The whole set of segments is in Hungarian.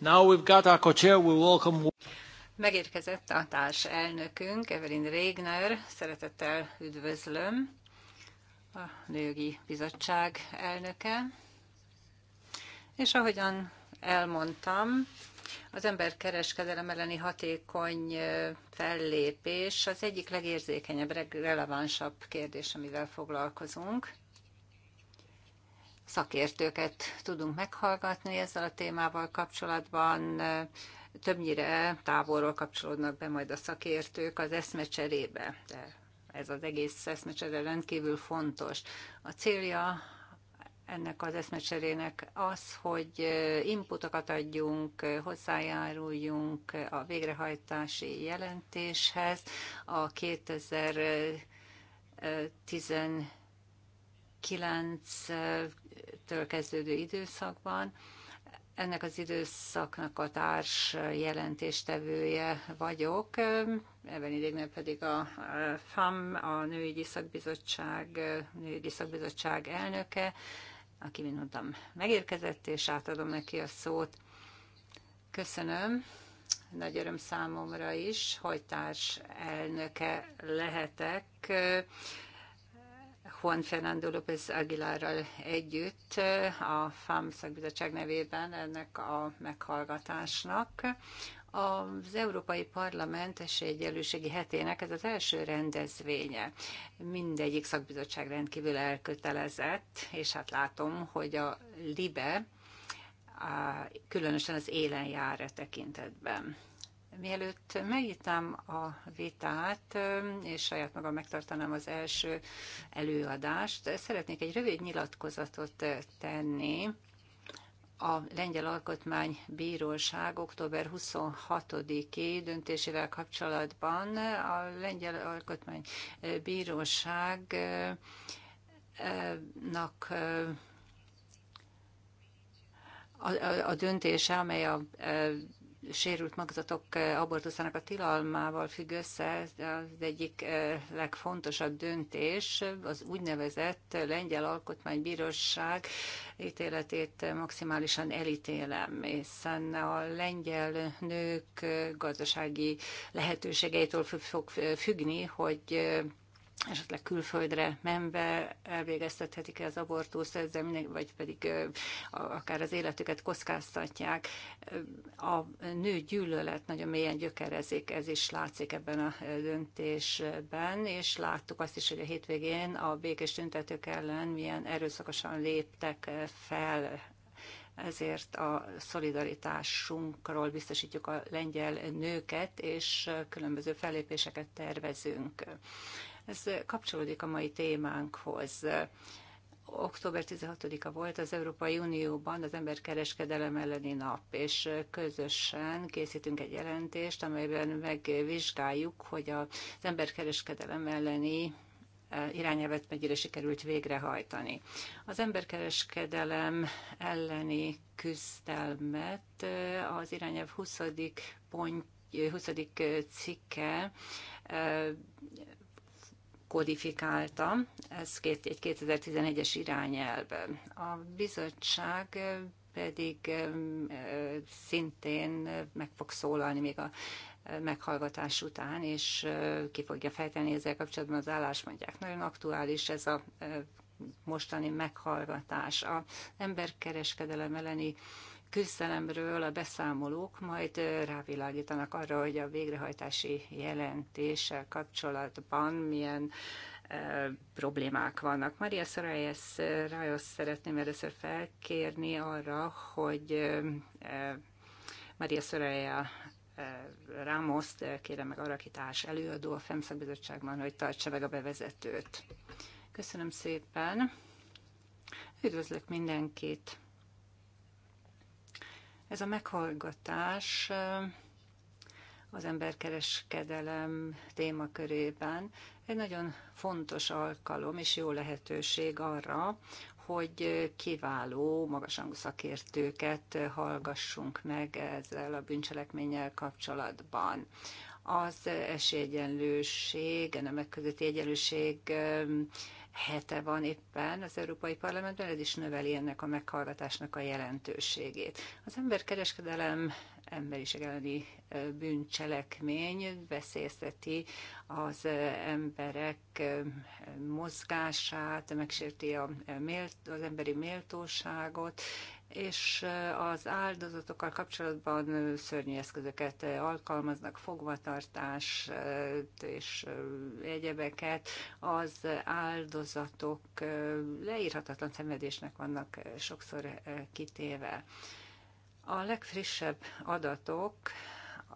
Now we've got our co-chair. We welcome... Megérkezett a társ elnökünk, Evelyn Regner. Szeretettel üdvözlöm a Nőgi Bizottság elnöke. És ahogyan elmondtam, az emberkereskedelem elleni hatékony fellépés az egyik legérzékenyebb, legrelevánsabb kérdés, amivel foglalkozunk szakértőket tudunk meghallgatni ezzel a témával kapcsolatban. Többnyire távolról kapcsolódnak be majd a szakértők az eszmecserébe, de ez az egész eszmecsere rendkívül fontos. A célja ennek az eszmecserének az, hogy inputokat adjunk, hozzájáruljunk a végrehajtási jelentéshez, a 2010 2009-től kezdődő időszakban. Ennek az időszaknak a társ jelentéstevője vagyok, ebben idégnél pedig a FAM, a Nőügyi Szakbizottság, Nőügyi Szakbizottság elnöke, aki, mint mondtam, megérkezett, és átadom neki a szót. Köszönöm. Nagy öröm számomra is, hogy társ elnöke lehetek Juan Fernando López Aguilarral együtt a FAM szakbizottság nevében ennek a meghallgatásnak. Az Európai Parlament esélyegyelőségi hetének ez az első rendezvénye. Mindegyik szakbizottság rendkívül elkötelezett, és hát látom, hogy a LIBE különösen az élen jár e tekintetben. Mielőtt megnyitnám a vitát, és saját magam megtartanám az első előadást, szeretnék egy rövid nyilatkozatot tenni a Lengyel Alkotmány Bíróság október 26-i döntésével kapcsolatban a Lengyel Alkotmány a, a, a döntése, amely a sérült magzatok abortuszának a tilalmával függ össze, az egyik legfontosabb döntés az úgynevezett Lengyel Alkotmánybíróság ítéletét maximálisan elítélem, hiszen a lengyel nők gazdasági lehetőségeitől fog függni, hogy esetleg külföldre menve elvégeztethetik-e az abortuszt, ezzel mindenki, vagy pedig akár az életüket kockáztatják. A nő gyűlölet nagyon mélyen gyökerezik, ez is látszik ebben a döntésben, és láttuk azt is, hogy a hétvégén a békés tüntetők ellen milyen erőszakosan léptek fel ezért a szolidaritásunkról biztosítjuk a lengyel nőket, és különböző fellépéseket tervezünk. Ez kapcsolódik a mai témánkhoz október 16-a volt az Európai Unióban az emberkereskedelem elleni nap, és közösen készítünk egy jelentést, amelyben megvizsgáljuk, hogy az emberkereskedelem elleni e, irányelvet mennyire sikerült végrehajtani. Az emberkereskedelem elleni küzdelmet e, az irányelv 20. pont 20. cikke e, kodifikálta, ez két, egy 2011-es irányelv. A bizottság pedig szintén meg fog szólalni még a meghallgatás után, és ki fogja fejteni ezzel kapcsolatban az mondják Nagyon aktuális ez a mostani meghallgatás. A emberkereskedelem elleni küzdelemről a beszámolók majd rávilágítanak arra, hogy a végrehajtási jelentéssel kapcsolatban milyen problémák vannak. Maria Sorayes Rajos szeretném először felkérni arra, hogy Maria Soraya Rámoszt kérem meg arra, aki társ előadó a FEMSZAK bizottságban, hogy tartsa meg a bevezetőt. Köszönöm szépen. Üdvözlök mindenkit. Ez a meghallgatás az emberkereskedelem témakörében egy nagyon fontos alkalom és jó lehetőség arra, hogy kiváló, magasrangú szakértőket hallgassunk meg ezzel a bűncselekménnyel kapcsolatban az esélyegyenlőség, a nemek közötti egyenlőség hete van éppen az Európai Parlamentben, ez is növeli ennek a meghallgatásnak a jelentőségét. Az emberkereskedelem emberiség elleni bűncselekmény veszélyezteti az emberek mozgását, megsérti a az emberi méltóságot, és az áldozatokkal kapcsolatban szörnyű eszközöket alkalmaznak, fogvatartás és egyebeket. Az áldozatok leírhatatlan szenvedésnek vannak sokszor kitéve. A legfrissebb adatok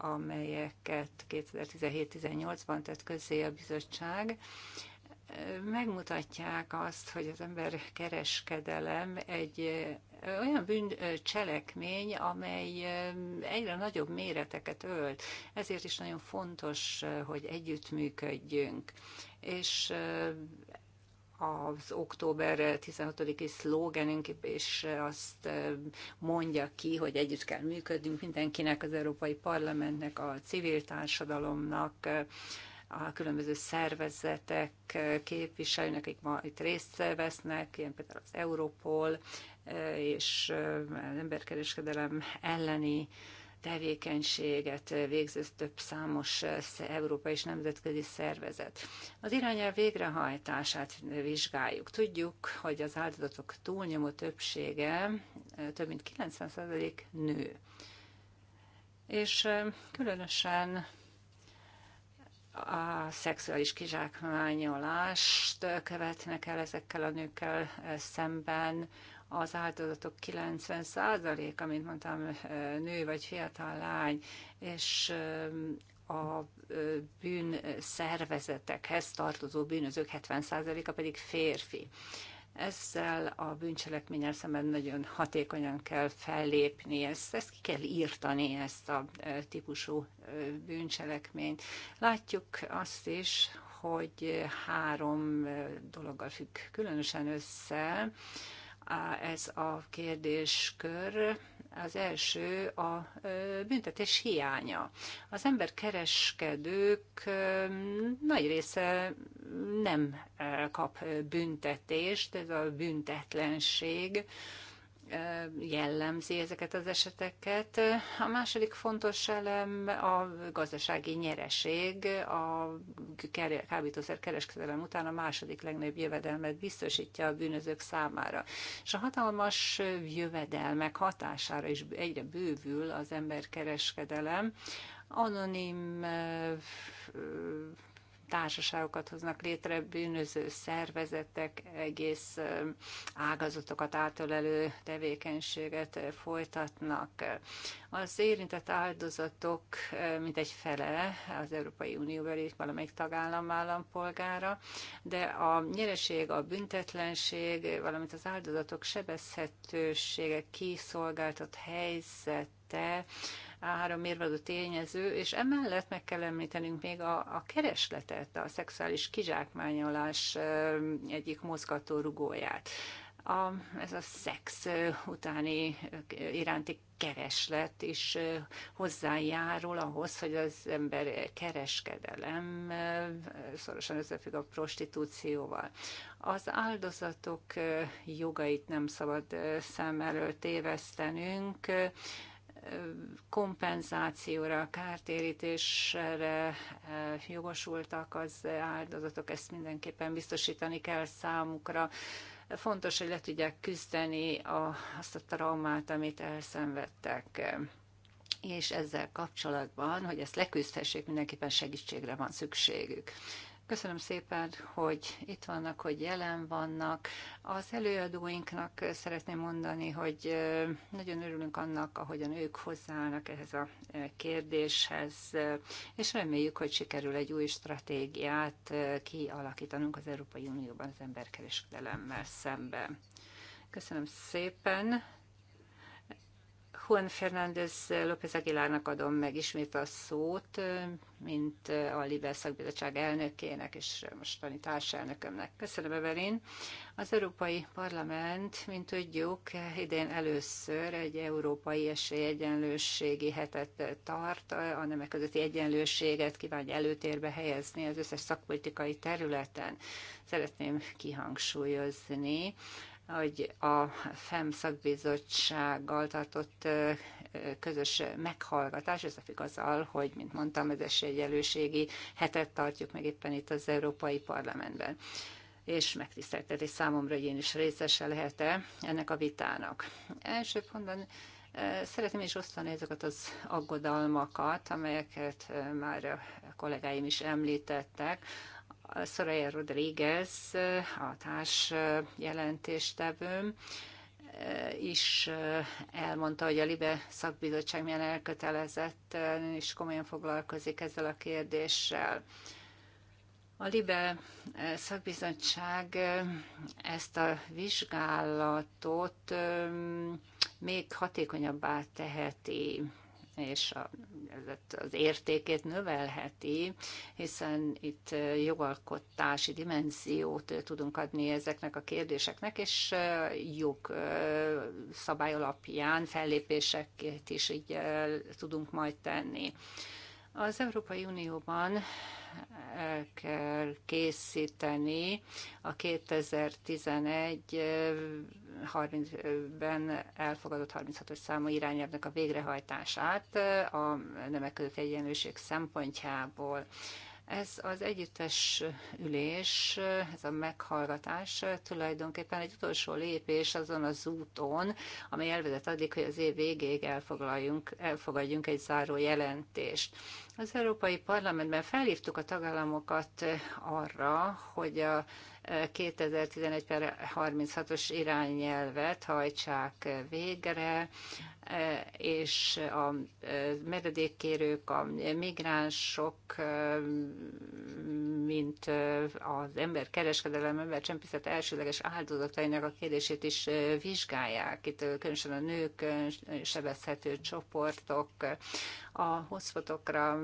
amelyeket 2017-18-ban tett közzé a bizottság, megmutatják azt, hogy az ember kereskedelem egy olyan bűncselekmény, amely egyre nagyobb méreteket ölt. Ezért is nagyon fontos, hogy együttműködjünk. És az október 16-i szlógenünk is azt mondja ki, hogy együtt kell működnünk mindenkinek, az Európai Parlamentnek, a civil társadalomnak, a különböző szervezetek képviselőnek, akik ma itt részt vesznek, ilyen például az Europol eh, és eh, az emberkereskedelem elleni tevékenységet végző több számos eh, európai és nemzetközi szervezet. Az irányelv végrehajtását vizsgáljuk. Tudjuk, hogy az áldozatok túlnyomó többsége, több mint 90% nő. És különösen a szexuális kizsákmányolást követnek el ezekkel a nőkkel eh, szemben. Az áldozatok 90%-a, mint mondtam, eh, nő vagy fiatal lány, és eh, a bűnszervezetekhez tartozó bűnözők 70%-a pedig férfi ezzel a bűncselekménnyel szemben nagyon hatékonyan kell fellépni, ezt, ezt ki kell írtani, ezt a e, típusú e, bűncselekményt. Látjuk azt is, hogy három e, dologgal függ különösen össze ez a kérdéskör. Az első a büntetés hiánya. Az emberkereskedők nagy része nem kap büntetést, ez a büntetlenség jellemzi ezeket az eseteket. A második fontos elem a gazdasági nyereség. A kábítószer kereskedelem után a második legnagyobb jövedelmet biztosítja a bűnözők számára. És a hatalmas jövedelmek hatására is egyre bővül az emberkereskedelem. Anonim eh, társaságokat hoznak létre, bűnöző szervezetek, egész ágazatokat átölelő tevékenységet folytatnak. Az érintett áldozatok mint egy fele az Európai Unióbeli valamelyik tagállam állampolgára, de a nyereség, a büntetlenség, valamint az áldozatok sebezhetősége, kiszolgáltat helyzet, három mérvadó tényező, és emellett meg kell említenünk még a, a keresletet, a szexuális kizsákmányolás egyik mozgató rugóját a, ez a szex utáni iránti kereslet is hozzájárul ahhoz, hogy az ember kereskedelem szorosan összefügg a prostitúcióval. Az áldozatok jogait nem szabad szem előtt évesztenünk, kompenzációra, kártérítésre eh, jogosultak az áldozatok, ezt mindenképpen biztosítani kell számukra. Fontos, hogy le tudják küzdeni a, azt a traumát, amit elszenvedtek és ezzel kapcsolatban, hogy ezt leküzdhessék, mindenképpen segítségre van szükségük. Köszönöm szépen, hogy itt vannak, hogy jelen vannak. Az előadóinknak szeretném mondani, hogy nagyon örülünk annak, ahogyan ők hozzáállnak ehhez a kérdéshez, és reméljük, hogy sikerül egy új stratégiát kialakítanunk az Európai Unióban az emberkereskedelemmel szemben. Köszönöm szépen. Juan Fernández López Aguilárnak adom meg ismét a szót, mint a Libel Szakbizottság elnökének és mostani társelnökömnek. Köszönöm, Evelin. Az Európai Parlament, mint tudjuk, idén először egy európai esélyegyenlőségi hetet tart, a nemek közötti egyenlőséget kívánja előtérbe helyezni az összes szakpolitikai területen. Szeretném kihangsúlyozni, hogy a FEM szakbizottsággal tartott közös meghallgatás ez függ azzal, hogy, mint mondtam, ez esélyegyelőségi hetet tartjuk meg éppen itt az Európai Parlamentben és megtiszteltetés számomra, hogy én is részese lehet-e ennek a vitának. Első pontban Szeretném is osztani ezeket az aggodalmakat, amelyeket már a kollégáim is említettek, Soraya Rodriguez, a társ jelentéstevőm, is elmondta, hogy a Libe szakbizottság milyen elkötelezett és komolyan foglalkozik ezzel a kérdéssel. A Libe szakbizottság ezt a vizsgálatot még hatékonyabbá teheti és az értékét növelheti, hiszen itt jogalkotási dimenziót tudunk adni ezeknek a kérdéseknek, és jog szabály alapján fellépéseket is így tudunk majd tenni. Az Európai Unióban kell készíteni a 2011-ben elfogadott 36-os számú irányelvnek a végrehajtását a nemek között egyenlőség szempontjából. Ez az együttes ülés, ez a meghallgatás tulajdonképpen egy utolsó lépés azon az úton, ami elvezet addig, hogy az év végéig elfoglaljunk, elfogadjunk egy záró jelentést. Az Európai Parlamentben felhívtuk a tagállamokat arra, hogy a 2011 per 36-os irányelvet hajtsák végre, és a meredékkérők, a migránsok, mint az ember kereskedelem, ember csempészet elsőleges áldozatainak a kérdését is vizsgálják. Itt különösen a nők, sebezhető csoportok, a hotspotokra,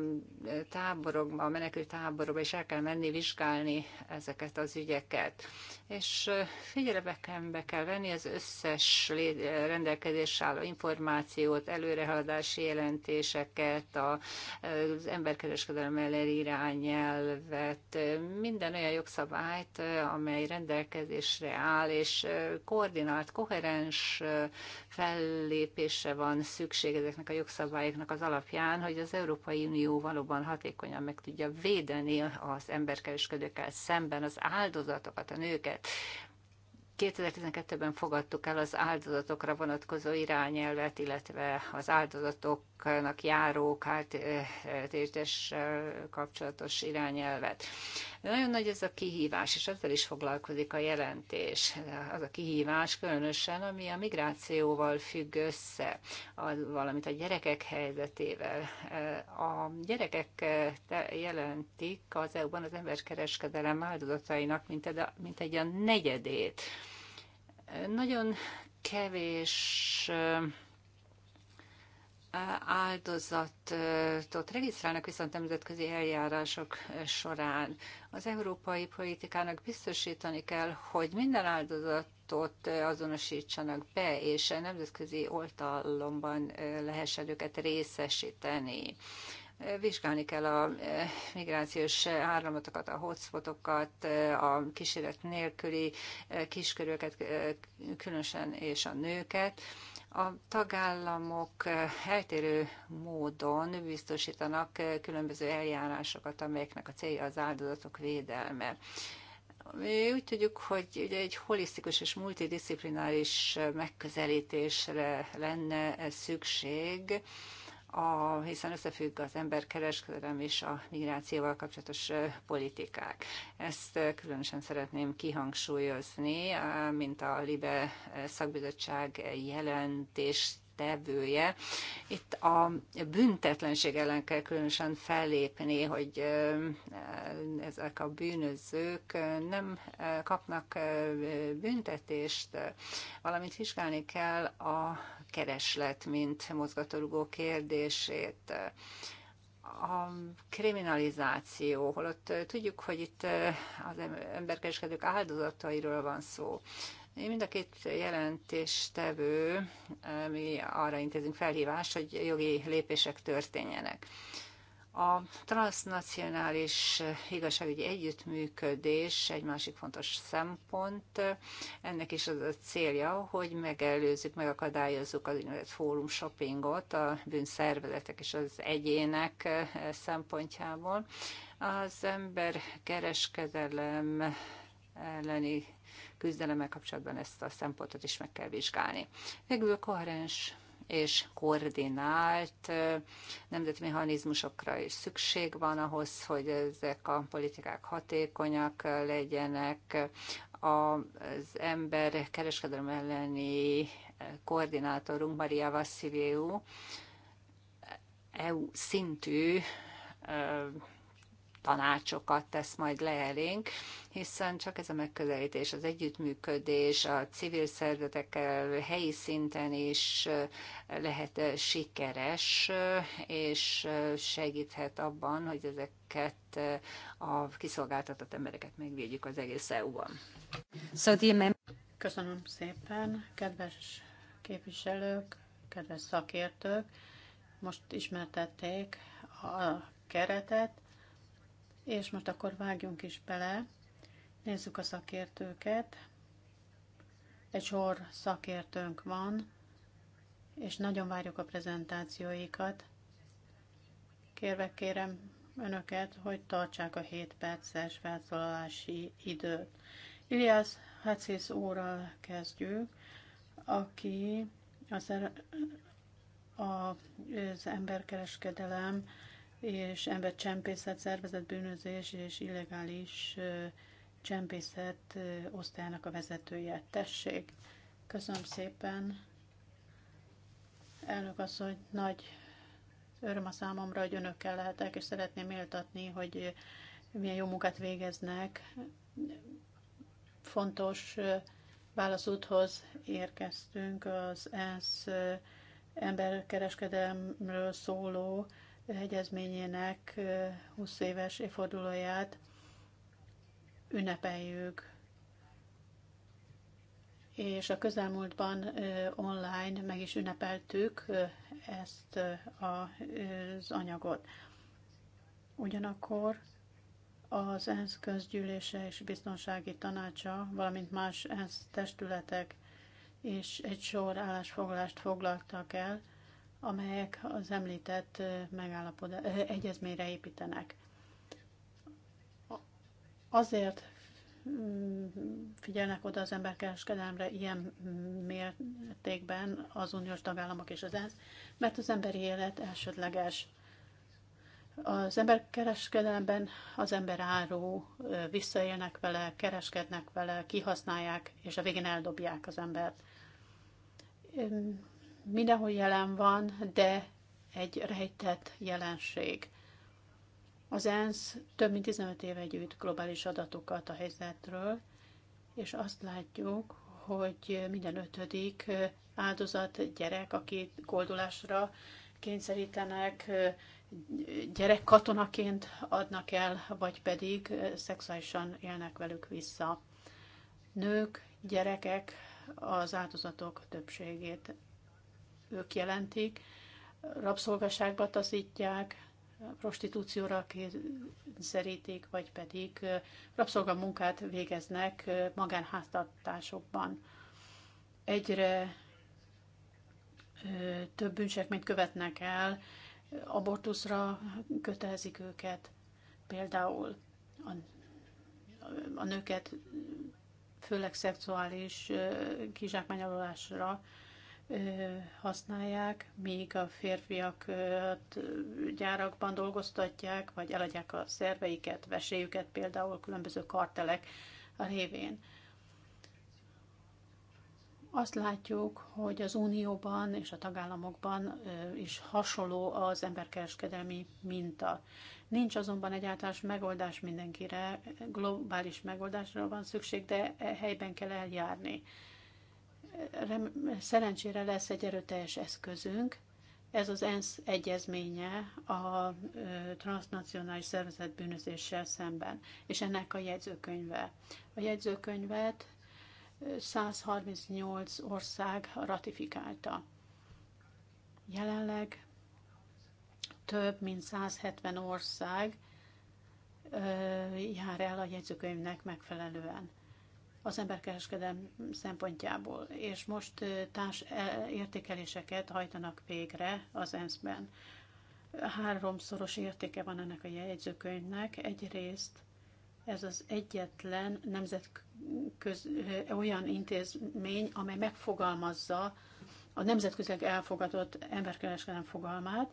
táborokba, a menekült táborokba, és el kell menni vizsgálni ezeket az ügyeket. És figyelembe kell venni az összes rendelkezés álló információt, előrehaladási jelentéseket, az emberkereskedelem ellen irányelvet, minden olyan jogszabályt, amely rendelkezésre áll, és koordinált, koherens fellépésre van szükség ezeknek a jogszabályoknak az alapján, során, hogy az Európai Unió valóban hatékonyan meg tudja védeni az emberkereskedőkkel szemben az áldozatokat, a nőket. 2012-ben fogadtuk el az áldozatokra vonatkozó irányelvet, illetve az áldozatoknak járó kártértés kapcsolatos irányelvet. De nagyon nagy ez a kihívás, és ezzel is foglalkozik a jelentés. Az a kihívás különösen, ami a migrációval függ össze, az, valamint a gyerekek helyzetével. A gyerekek jelentik az EU-ban az emberkereskedelem áldozatainak mint egy, mint egy a negyedét. Nagyon kevés áldozatot regisztrálnak viszont nemzetközi eljárások során. Az európai politikának biztosítani kell, hogy minden áldozatot azonosítsanak be, és nemzetközi oltalomban lehessen őket részesíteni vizsgálni kell a migrációs áramlatokat, a hotspotokat, a kísérlet nélküli kisköröket, különösen és a nőket, a tagállamok eh, eltérő módon biztosítanak eh, különböző eljárásokat, amelyeknek a célja az áldozatok védelme. Mi úgy tudjuk, hogy ugye egy holisztikus és multidisziplináris eh, megközelítésre lenne szükség, a, hiszen összefügg az emberkereskedelem és a migrációval kapcsolatos politikák. Ezt különösen szeretném kihangsúlyozni, mint a LIBE szakbizottság jelentést tevője. Itt a büntetlenség ellen kell különösen fellépni, hogy ezek a bűnözők nem kapnak büntetést, valamint vizsgálni kell a kereslet, mint mozgatórugó kérdését a kriminalizáció, holott eh, tudjuk, hogy itt eh, az emberkereskedők áldozatairól van szó. Én mind a két jelentéstevő, eh, mi arra intézünk felhívást, hogy jogi lépések történjenek. A transnacionális igazságügyi együttműködés egy másik fontos szempont. Ennek is az a célja, hogy megelőzzük, megakadályozzuk az úgynevezett fórum shoppingot a bűnszervezetek és az egyének szempontjából. Az ember kereskedelem elleni küzdelemmel kapcsolatban ezt a szempontot is meg kell vizsgálni. Végül koherens és koordinált nemzeti mechanizmusokra is szükség van ahhoz, hogy ezek a politikák hatékonyak legyenek. Az ember kereskedelem elleni koordinátorunk Maria Vassiliou EU szintű tanácsokat tesz majd le elénk, hiszen csak ez a megközelítés, az együttműködés, a civil szervezetekkel helyi szinten is eh, lehet eh, sikeres, eh, és segíthet abban, hogy ezeket a kiszolgáltatott embereket megvédjük az egész EU-ban. Köszönöm szépen, kedves képviselők, kedves szakértők! Most ismertették a keretet, és most akkor vágjunk is bele, nézzük a szakértőket. Egy sor szakértőnk van, és nagyon várjuk a prezentációikat. Kérve kérem önöket, hogy tartsák a 7 perces felszólalási időt. Ilias Hacis úrral kezdjük, aki az, er- az emberkereskedelem és embercsempészet, szervezett bűnözés és illegális csempészet osztályának a vezetője. Tessék! Köszönöm szépen! Elnök asszony, nagy öröm a számomra, hogy önökkel lehetek, és szeretném méltatni, hogy milyen jó munkát végeznek. Fontos válaszúthoz érkeztünk az ENSZ emberkereskedelmről szóló egyezményének 20 éves évfordulóját ünnepeljük. És a közelmúltban online meg is ünnepeltük ezt az anyagot. Ugyanakkor az ENSZ közgyűlése és biztonsági tanácsa, valamint más ENSZ testületek és egy sor állásfoglalást foglaltak el, amelyek az említett megállapodás, egyezményre építenek. Azért mm, figyelnek oda az emberkereskedelemre ilyen mértékben az uniós tagállamok és az ENSZ, mert az emberi élet elsődleges. Az emberkereskedelemben az ember áró, visszaélnek vele, kereskednek vele, kihasználják, és a végén eldobják az embert mindenhol jelen van, de egy rejtett jelenség. Az ENSZ több mint 15 éve gyűjt globális adatokat a helyzetről, és azt látjuk, hogy minden ötödik áldozat gyerek, aki koldulásra kényszerítenek, gyerek katonaként adnak el, vagy pedig szexuálisan élnek velük vissza. Nők, gyerekek az áldozatok többségét ők jelentik, rabszolgaságba taszítják, prostitúcióra kényszeríték, vagy pedig rabszolgamunkát végeznek magánháztartásokban. Egyre több bűncselekményt követnek el, abortuszra kötelezik őket, például a, a nőket főleg szexuális kizsákmányolásra használják, míg a férfiak gyárakban dolgoztatják, vagy eladják a szerveiket, veséjüket például különböző kartelek révén. Azt látjuk, hogy az Unióban és a tagállamokban is hasonló az emberkereskedelmi minta. Nincs azonban egy általános megoldás mindenkire, globális megoldásra van szükség, de e helyben kell eljárni szerencsére lesz egy erőteljes eszközünk, ez az ENSZ egyezménye a transnacionális szervezet bűnözéssel szemben, és ennek a jegyzőkönyve. A jegyzőkönyvet 138 ország ratifikálta. Jelenleg több mint 170 ország jár el a jegyzőkönyvnek megfelelően az emberkereskedelem szempontjából, és most társ értékeléseket hajtanak végre az ENSZ-ben. Háromszoros értéke van ennek a jegyzőkönyvnek. Egyrészt ez az egyetlen nemzetközi olyan intézmény, amely megfogalmazza a nemzetközileg elfogadott emberkereskedelem fogalmát,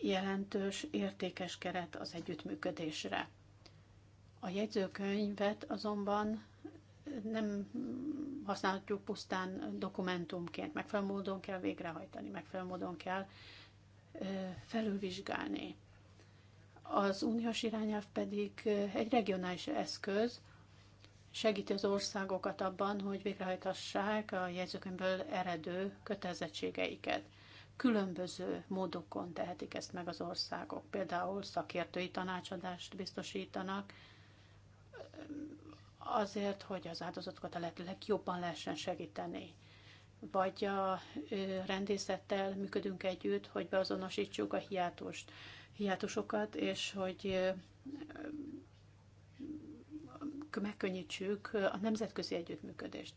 jelentős, értékes keret az együttműködésre. A jegyzőkönyvet azonban nem használhatjuk pusztán dokumentumként, megfelelő módon kell végrehajtani, megfelelő módon kell felülvizsgálni. Az uniós irányelv pedig egy regionális eszköz, segíti az országokat abban, hogy végrehajtassák a jegyzőkönyvből eredő kötelezettségeiket. Különböző módokon tehetik ezt meg az országok. Például szakértői tanácsadást biztosítanak, azért, hogy az áldozatokat a legjobban lehessen segíteni. Vagy a rendészettel működünk együtt, hogy beazonosítsuk a hiátust, hiátusokat, és hogy megkönnyítsük a nemzetközi együttműködést.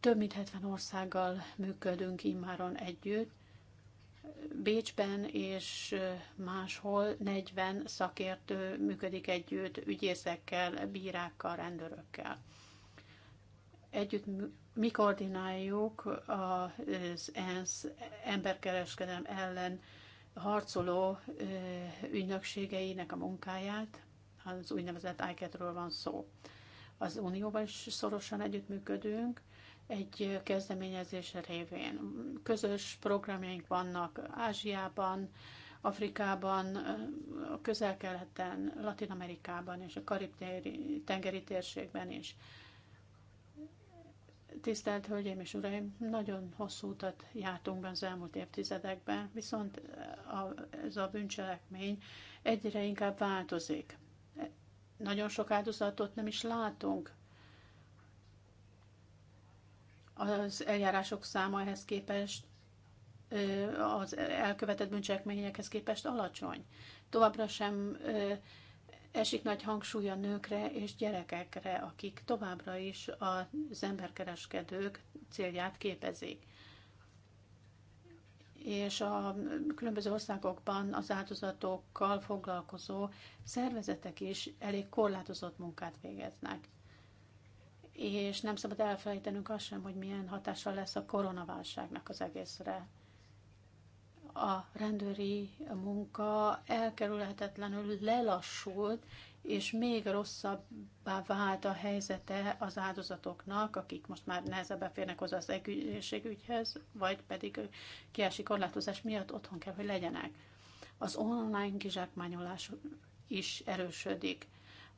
Több mint 70 országgal működünk immáron együtt, Bécsben és máshol 40 szakértő működik együtt ügyészekkel, bírákkal, rendőrökkel. Együtt mi koordináljuk az ENSZ emberkereskedelem ellen harcoló ügynökségeinek a munkáját, az úgynevezett ICAT-ről van szó. Az Unióban is szorosan együttműködünk, egy kezdeményezés révén. Közös programjaink vannak Ázsiában, Afrikában, a közel-keleten, Latin-Amerikában és a karib-tengeri térségben is. Tisztelt Hölgyeim és Uraim, nagyon hosszú utat jártunk be az elmúlt évtizedekben, viszont a, ez a bűncselekmény egyre inkább változik. Nagyon sok áldozatot nem is látunk az eljárások száma ehhez képest, az elkövetett bűncselekményekhez képest alacsony. Továbbra sem esik nagy hangsúly a nőkre és gyerekekre, akik továbbra is az emberkereskedők célját képezik. És a különböző országokban az áldozatokkal foglalkozó szervezetek is elég korlátozott munkát végeznek és nem szabad elfelejtenünk azt sem, hogy milyen hatással lesz a koronaválságnak az egészre. A rendőri munka elkerülhetetlenül lelassult, és még rosszabbá vált a helyzete az áldozatoknak, akik most már nehezebben férnek hozzá az egészségügyhez, vagy pedig kiási korlátozás miatt otthon kell, hogy legyenek. Az online kizsákmányolás is erősödik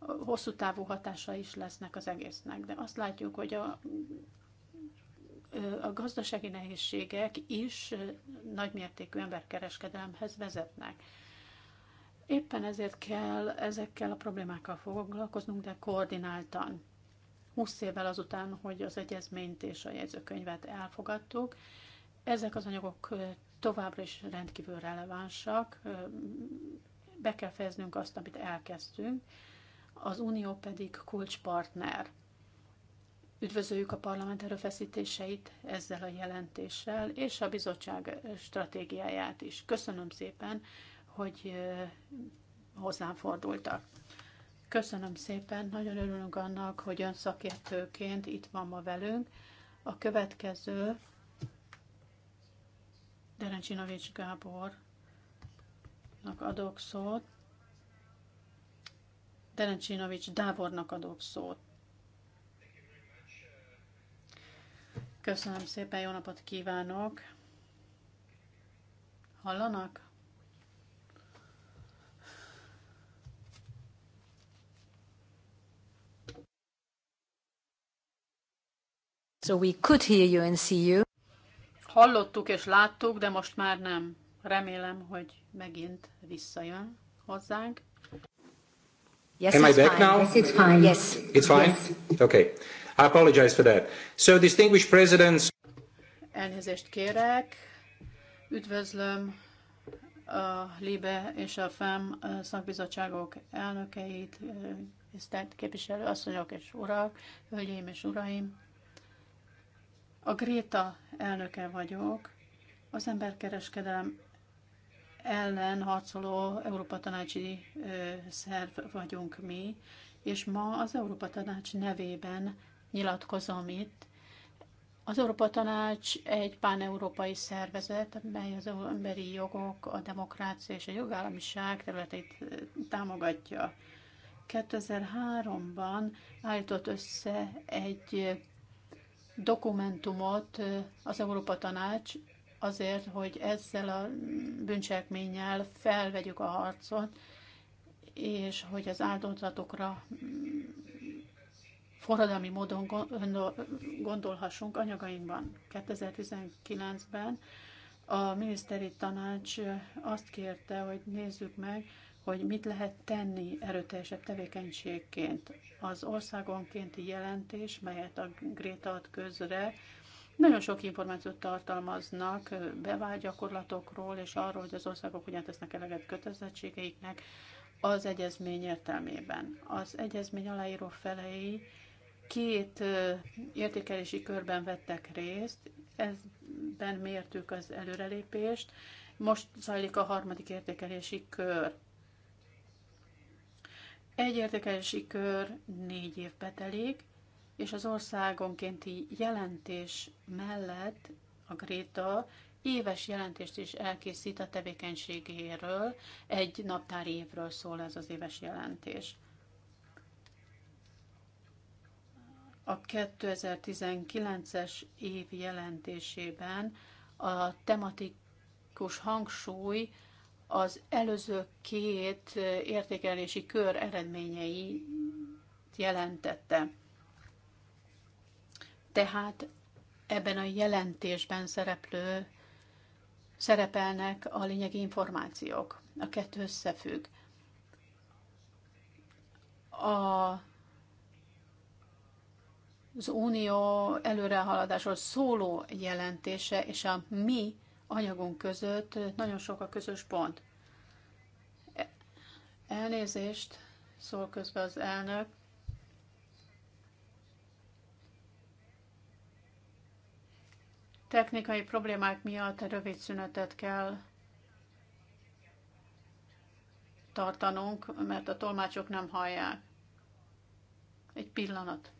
hosszú távú hatása is lesznek az egésznek. De azt látjuk, hogy a, a gazdasági nehézségek is nagymértékű emberkereskedelemhez vezetnek. Éppen ezért kell ezekkel a problémákkal foglalkoznunk, de koordináltan. 20 évvel azután, hogy az egyezményt és a jegyzőkönyvet elfogadtuk, ezek az anyagok továbbra is rendkívül relevánsak, be kell fejeznünk azt, amit elkezdtünk, az Unió pedig kulcspartner. Üdvözöljük a parlament erőfeszítéseit ezzel a jelentéssel, és a bizottság stratégiáját is. Köszönöm szépen, hogy hozzám fordultak. Köszönöm szépen, nagyon örülünk annak, hogy ön szakértőként itt van ma velünk. A következő Derencsinovics Gábornak adok szót. Terencsinovics Dávornak adok szót. Köszönöm szépen, jó napot kívánok! Hallanak? So we could hear you and see you. Hallottuk és láttuk, de most már nem. Remélem, hogy megint visszajön hozzánk. Yes, Am I back fine. now? Yes, it's fine. Yes. It's fine? Yes. Okay. I apologize for that. So, distinguished presidents... Elnézést kérek. Üdvözlöm a LIBE és a FEM szakbizottságok elnökeit, tisztelt képviselő asszonyok és urak, hölgyeim és uraim. A Gréta elnöke vagyok. Az emberkereskedelem ellen harcoló Európa Tanácsi szerv vagyunk mi, és ma az Európa Tanács nevében nyilatkozom itt. Az Európa Tanács egy páneurópai szervezet, mely az emberi jogok, a demokrácia és a jogállamiság területét támogatja. 2003-ban állított össze egy dokumentumot az Európa Tanács, azért, hogy ezzel a bűncselekménnyel felvegyük a harcot, és hogy az áldozatokra forradalmi módon gondolhassunk anyagainkban. 2019-ben a miniszteri tanács azt kérte, hogy nézzük meg, hogy mit lehet tenni erőteljesebb tevékenységként. Az országonkénti jelentés, melyet a Gréta ad közre, nagyon sok információt tartalmaznak bevált gyakorlatokról és arról, hogy az országok hogyan tesznek eleget kötelezettségeiknek az egyezmény értelmében. Az egyezmény aláíró felei két értékelési körben vettek részt, ezben mértük az előrelépést, most zajlik a harmadik értékelési kör. Egy értékelési kör négy évbe telik, és az országonkénti jelentés mellett a Gréta éves jelentést is elkészít a tevékenységéről, egy naptár évről szól ez az éves jelentés. A 2019-es év jelentésében a tematikus hangsúly az előző két értékelési kör eredményei jelentette. Tehát ebben a jelentésben szereplő szerepelnek a lényegi információk. A kettő összefügg. A, az unió előrehaladásról szóló jelentése és a mi anyagunk között nagyon sok a közös pont. Elnézést, szól közben az elnök. Technikai problémák miatt rövid szünetet kell tartanunk, mert a tolmácsok nem hallják. Egy pillanat.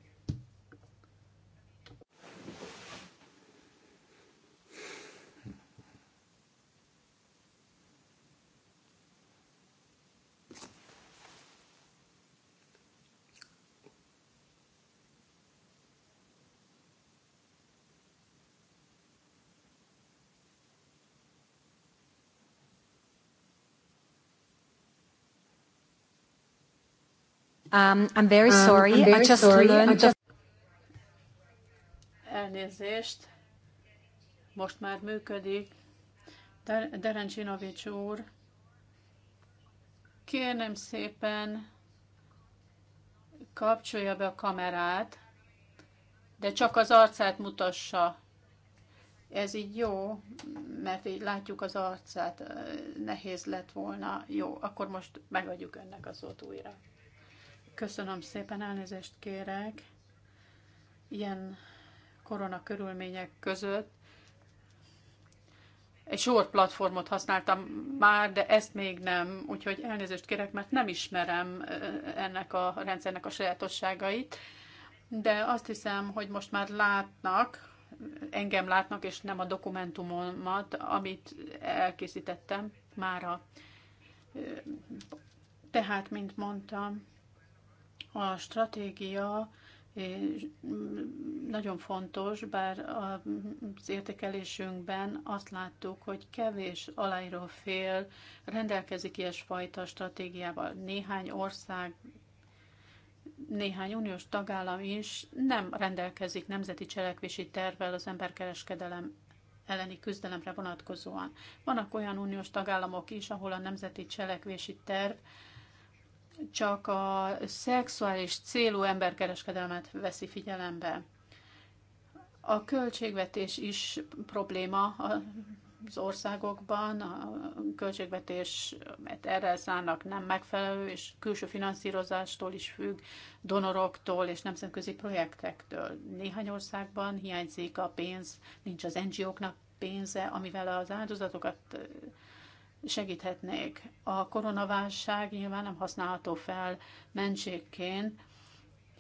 Um, I'm very um, sorry. Um, I'm very I just sorry. learned. I just... Elnézést. Most már működik. Derencsinovics úr, Kérném szépen kapcsolja be a kamerát, de csak az arcát mutassa. Ez így jó, mert így látjuk az arcát, nehéz lett volna. Jó, akkor most megadjuk önnek az szót újra. Köszönöm szépen, elnézést kérek. Ilyen korona körülmények között egy short platformot használtam már, de ezt még nem, úgyhogy elnézést kérek, mert nem ismerem eh, ennek a rendszernek a sajátosságait, de azt hiszem, hogy most már látnak, engem látnak, és nem a dokumentumomat, amit elkészítettem mára. Eh, tehát, mint mondtam, a stratégia nagyon fontos, bár az értékelésünkben azt láttuk, hogy kevés aláíró fél rendelkezik ilyesfajta stratégiával. Néhány ország, néhány uniós tagállam is nem rendelkezik nemzeti cselekvési tervvel az emberkereskedelem elleni küzdelemre vonatkozóan. Vannak olyan uniós tagállamok is, ahol a nemzeti cselekvési terv csak a szexuális célú emberkereskedelmet veszi figyelembe. A költségvetés is probléma az országokban, a költségvetés, mert erre szállnak nem megfelelő, és külső finanszírozástól is függ, donoroktól és nemzetközi projektektől. Néhány országban hiányzik a pénz, nincs az NGO-knak pénze, amivel az áldozatokat segíthetnék. A koronaválság nyilván nem használható fel mentségként,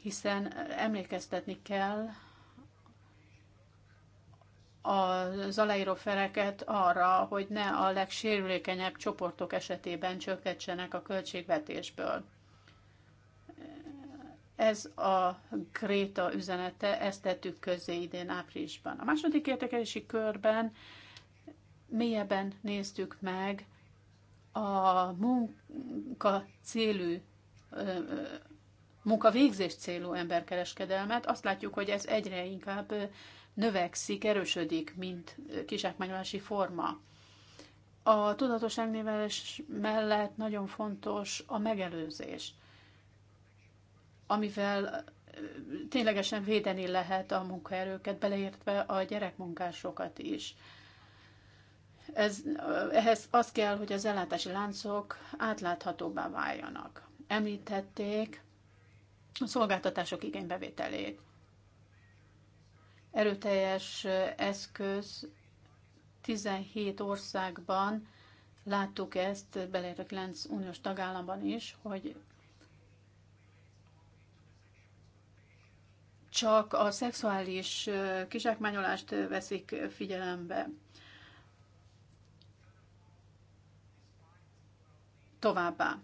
hiszen emlékeztetni kell az aláíró feleket arra, hogy ne a legsérülékenyebb csoportok esetében csökkentsenek a költségvetésből. Ez a Gréta üzenete, ezt tettük közé idén áprilisban. A második értékelési körben mélyebben néztük meg a munka célú, munkavégzés célú emberkereskedelmet, azt látjuk, hogy ez egyre inkább növekszik, erősödik, mint kisákmányolási forma. A tudatosságnévelés mellett nagyon fontos a megelőzés, amivel ténylegesen védeni lehet a munkaerőket, beleértve a gyerekmunkásokat is. Ez, ehhez az kell, hogy az ellátási láncok átláthatóbbá váljanak. Említették a szolgáltatások igénybevételét. Erőteljes eszköz 17 országban láttuk ezt, beleértve 9 uniós tagállamban is, hogy csak a szexuális kizsákmányolást veszik figyelembe. Továbbá,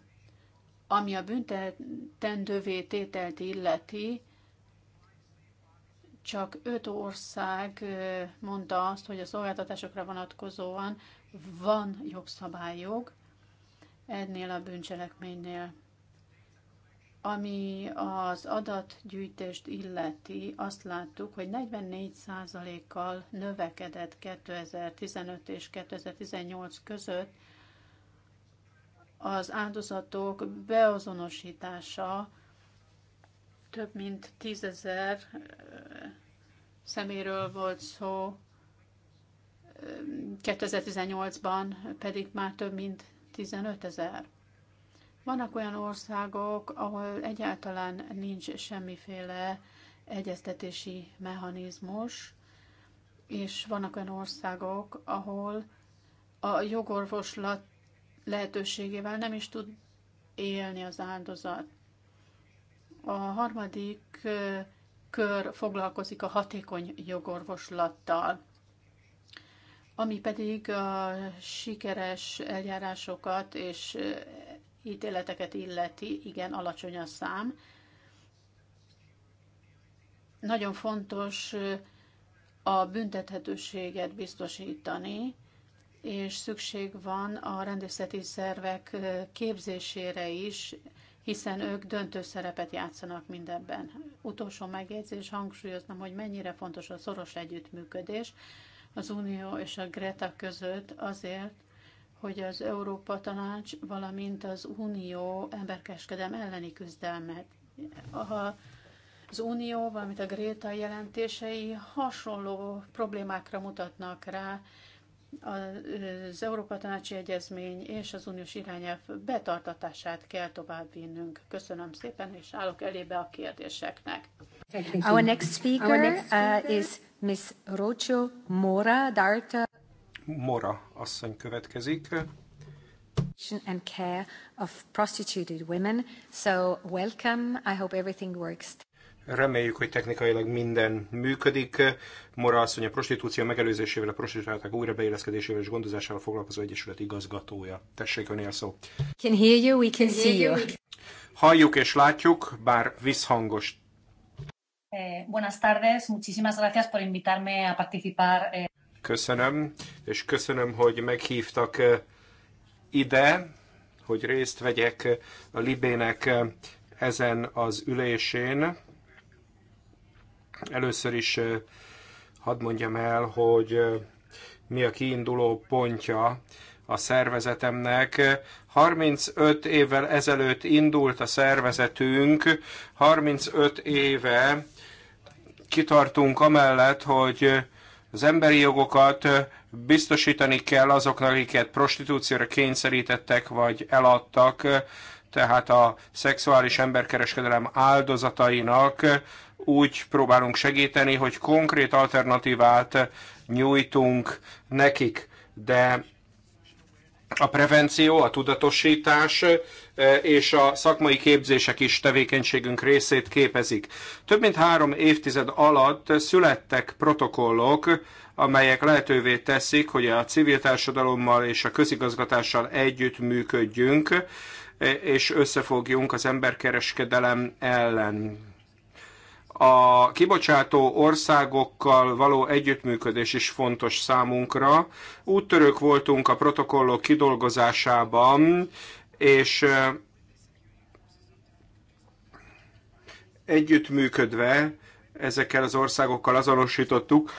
ami a büntetendővé tételt illeti, csak öt ország mondta azt, hogy a szolgáltatásokra vonatkozóan van jogszabályok ennél a bűncselekménynél. Ami az adatgyűjtést illeti, azt láttuk, hogy 44%-kal növekedett 2015 és 2018 között az áldozatok beazonosítása több mint tízezer szeméről volt szó, 2018-ban pedig már több mint 15 ezer. Vannak olyan országok, ahol egyáltalán nincs semmiféle egyeztetési mechanizmus, és vannak olyan országok, ahol a jogorvoslat lehetőségével nem is tud élni az áldozat. A harmadik kör foglalkozik a hatékony jogorvoslattal, ami pedig a sikeres eljárásokat és ítéleteket illeti, igen, alacsony a szám. Nagyon fontos a büntethetőséget biztosítani, és szükség van a rendészeti szervek képzésére is, hiszen ők döntő szerepet játszanak mindebben. Utolsó megjegyzés hangsúlyoznom, hogy mennyire fontos a szoros együttműködés az Unió és a Greta között azért, hogy az Európa Tanács, valamint az Unió emberkeskedem elleni küzdelmet. A az Unió, valamint a Greta jelentései hasonló problémákra mutatnak rá, az Európa Tanácsi Egyezmény és az uniós irányelv betartatását kell tovább vinnünk. Köszönöm szépen, és állok elébe a kérdéseknek. Our next speaker, Our next speaker uh, is Miss Rocio Mora Darta. Uh, Mora asszony következik. And care of prostituted women. So welcome. I hope everything works. Reméljük, hogy technikailag minden működik. Mora mondja, a prostitúció megelőzésével, a prostituálták újra beéleszkedésével és gondozásával foglalkozó egyesület igazgatója. Tessék önél szó. Can hear you, we can see you. Halljuk és látjuk, bár visszhangos. Eh, buenas tardes, muchísimas gracias por invitarme a participar. Eh. Köszönöm, és köszönöm, hogy meghívtak eh, ide, hogy részt vegyek a Libének eh, ezen az ülésén Először is hadd mondjam el, hogy mi a kiinduló pontja a szervezetemnek. 35 évvel ezelőtt indult a szervezetünk, 35 éve kitartunk amellett, hogy az emberi jogokat biztosítani kell azoknak, akiket prostitúcióra kényszerítettek vagy eladtak, tehát a szexuális emberkereskedelem áldozatainak úgy próbálunk segíteni, hogy konkrét alternatívát nyújtunk nekik, de a prevenció, a tudatosítás eh, és a szakmai képzések is tevékenységünk részét képezik. Több mint három évtized alatt születtek protokollok, amelyek lehetővé teszik, hogy a civil társadalommal és a közigazgatással együtt működjünk, eh, és összefogjunk az emberkereskedelem ellen. A kibocsátó országokkal való együttműködés is fontos számunkra. Úttörők voltunk a protokollok kidolgozásában, és együttműködve ezekkel az országokkal azonosítottuk,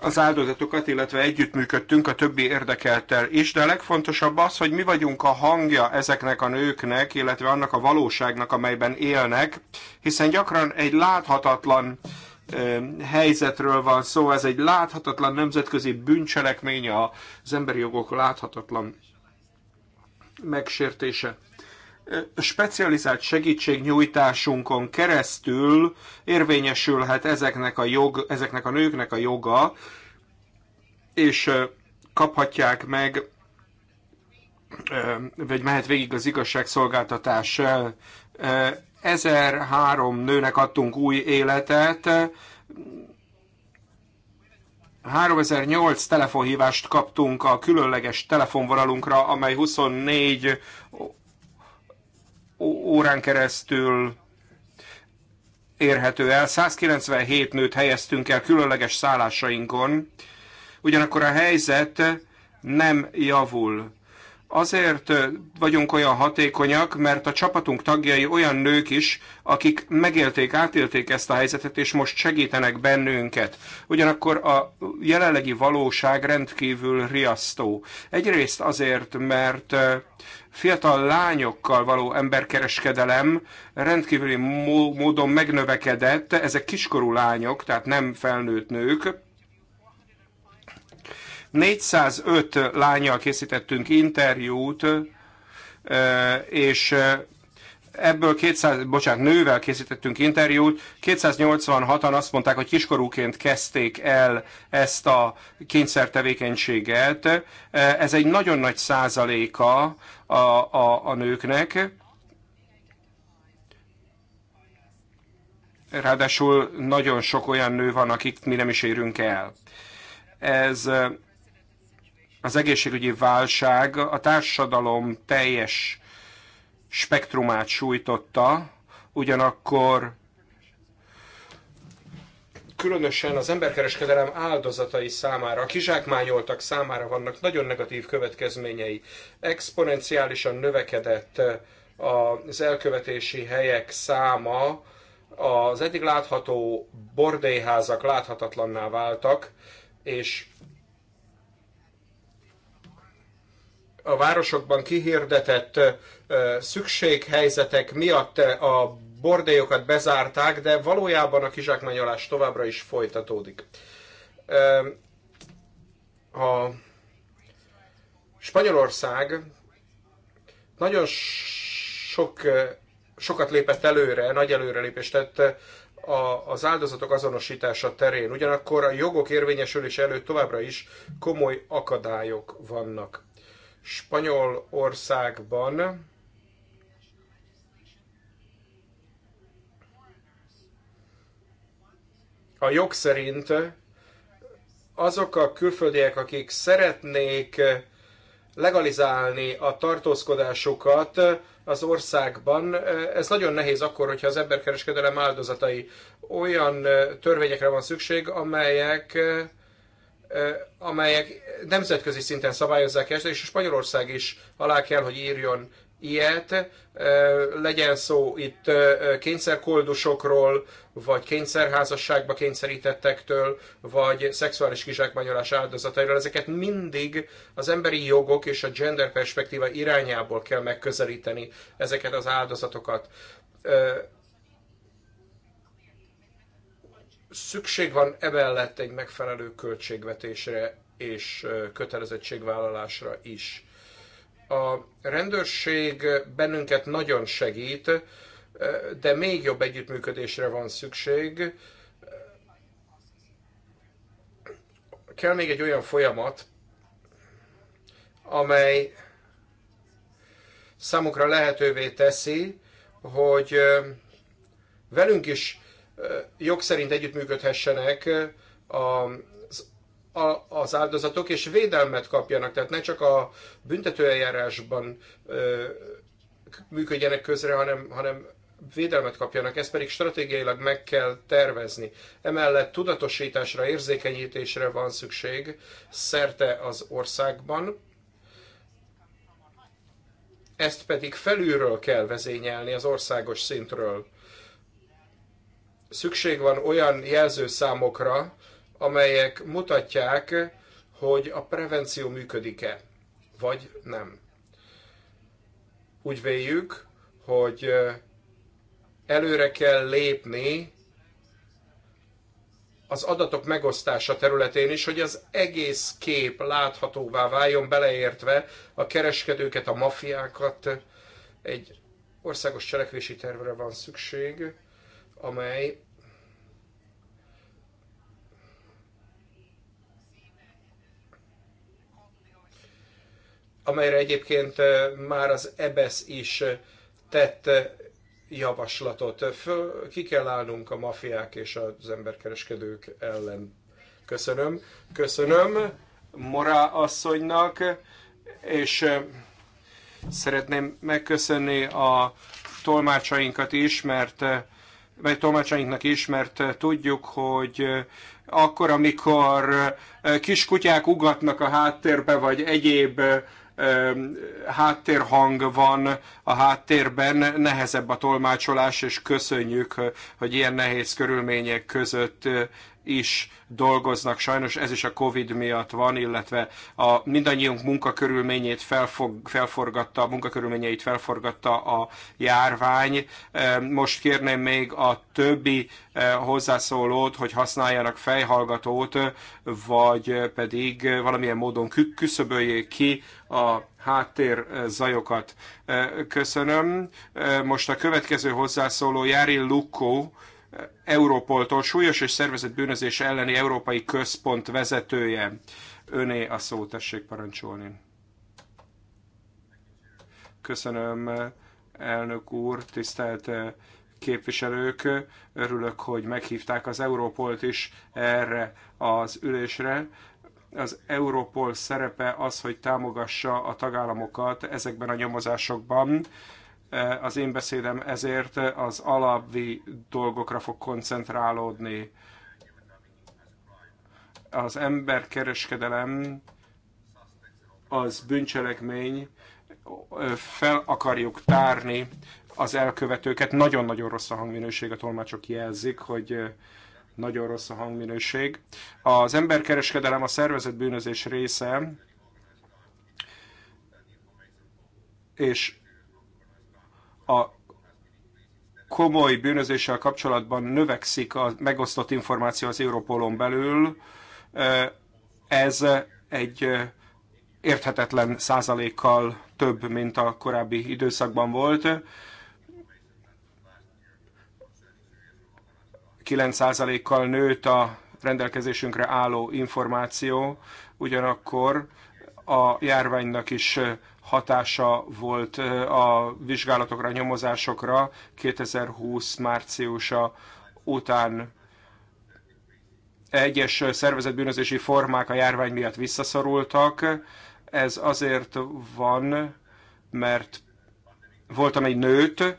az áldozatokat, illetve együttműködtünk a többi érdekeltel is, de a legfontosabb az, hogy mi vagyunk a hangja ezeknek a nőknek, illetve annak a valóságnak, amelyben élnek, hiszen gyakran egy láthatatlan helyzetről van szó, ez egy láthatatlan nemzetközi bűncselekmény, az emberi jogok láthatatlan megsértése specializált segítségnyújtásunkon keresztül érvényesülhet ezeknek a, jog, ezeknek a nőknek a joga, és kaphatják meg, vagy mehet végig az igazságszolgáltatás. 1003 nőnek adtunk új életet, 3008 telefonhívást kaptunk a különleges telefonvonalunkra, amely 24 órán keresztül érhető el. 197 nőt helyeztünk el különleges szállásainkon, ugyanakkor a helyzet nem javul. Azért vagyunk olyan hatékonyak, mert a csapatunk tagjai olyan nők is, akik megélték, átélték ezt a helyzetet, és most segítenek bennünket. Ugyanakkor a jelenlegi valóság rendkívül riasztó. Egyrészt azért, mert fiatal lányokkal való emberkereskedelem rendkívüli módon megnövekedett, ezek kiskorú lányok, tehát nem felnőtt nők, 405 lányjal készítettünk interjút, és ebből 200, bocsánat, nővel készítettünk interjút, 286-an azt mondták, hogy kiskorúként kezdték el ezt a kényszertevékenységet. Ez egy nagyon nagy százaléka a, a, a nőknek. Ráadásul nagyon sok olyan nő van, akik mi nem is érünk el. Ez az egészségügyi válság a társadalom teljes spektrumát sújtotta, ugyanakkor különösen az emberkereskedelem áldozatai számára, a kizsákmányoltak számára vannak nagyon negatív következményei. Exponenciálisan növekedett eh, az elkövetési helyek száma, az eddig látható bordélyházak láthatatlanná váltak, és a városokban kihirdetett szükséghelyzetek miatt a bordélyokat bezárták, de valójában a kizsákmányolás továbbra is folytatódik. A Spanyolország nagyon sok, sokat lépett előre, nagy előrelépést tett a, az áldozatok azonosítása terén. Ugyanakkor a jogok érvényesülése előtt továbbra is komoly akadályok vannak. Spanyolországban a jog szerint azok a külföldiek, akik szeretnék legalizálni a tartózkodásukat az országban, ez nagyon nehéz akkor, hogyha az emberkereskedelem áldozatai. Olyan törvényekre van szükség, amelyek amelyek nemzetközi szinten szabályozzák ezt, és Spanyolország is alá kell, hogy írjon ilyet, legyen szó itt kényszerkoldusokról, vagy kényszerházasságba kényszerítettektől, vagy szexuális kizsákmányolás áldozatairól, ezeket mindig az emberi jogok és a gender perspektíva irányából kell megközelíteni ezeket az áldozatokat Szükség van emellett egy megfelelő költségvetésre és kötelezettségvállalásra is. A rendőrség bennünket nagyon segít, de még jobb együttműködésre van szükség. Kell még egy olyan folyamat, amely számukra lehetővé teszi, hogy velünk is jog szerint együttműködhessenek az, a, az áldozatok, és védelmet kapjanak. Tehát ne csak a büntetőeljárásban működjenek közre, hanem, hanem védelmet kapjanak, ezt pedig stratégiailag meg kell tervezni. Emellett tudatosításra, érzékenyítésre van szükség szerte az országban, ezt pedig felülről kell vezényelni, az országos szintről szükség van olyan jelzőszámokra, amelyek mutatják, hogy a prevenció működik-e, vagy nem. Úgy véljük, hogy előre kell lépni az adatok megosztása területén is, hogy az egész kép láthatóvá váljon, beleértve a kereskedőket, a mafiákat. Egy országos cselekvési tervre van szükség amely amelyre egyébként már az EBESZ is tett javaslatot. Föl, ki kell állnunk a mafiák és az emberkereskedők ellen. Köszönöm. Köszönöm Morá asszonynak, és szeretném megköszönni a tolmácsainkat is, mert meg tolmácsainknak is, mert eh, tudjuk, hogy eh, akkor, amikor eh, kiskutyák ugatnak a háttérbe, vagy egyéb háttérhang van a háttérben, nehezebb a tolmácsolás, és köszönjük, hogy ilyen nehéz körülmények között is dolgoznak. Sajnos ez is a Covid miatt van, illetve a mindannyiunk munkakörülményét felfog, felforgatta, munkakörülményeit felforgatta a járvány. Most kérném még a többi hozzászólót, hogy használjanak fejhallgatót, vagy pedig valamilyen módon küszöböljék ki a háttér zajokat. Köszönöm. Most a következő hozzászóló Jári Lukó, Európoltól súlyos és szervezett bűnözés elleni európai központ vezetője. Öné a szó, tessék parancsolni. Köszönöm, elnök úr, tisztelt eh, képviselők. Örülök, hogy meghívták az Európolt is erre az ülésre az Európol szerepe az, hogy támogassa a tagállamokat ezekben a nyomozásokban, Eh, az én beszédem ezért az alapvi dolgokra fog koncentrálódni. Az emberkereskedelem az bűncselekmény, eh, fel akarjuk tárni az elkövetőket. Nagyon-nagyon rossz a hangminőség, a tolmácsok jelzik, hogy eh, nagyon rossz a hangminőség. Az emberkereskedelem a szervezett bűnözés része, és a komoly bűnözéssel kapcsolatban növekszik a megosztott információ az Európolon belül, eh, ez egy eh, érthetetlen százalékkal több, mint a korábbi időszakban volt. 9 százalékkal nőtt a rendelkezésünkre álló információ, ugyanakkor a járványnak is hatása volt a vizsgálatokra, a nyomozásokra 2020 márciusa után egyes szervezetbűnözési formák a járvány miatt visszaszorultak. Ez azért van, mert voltam egy nőt,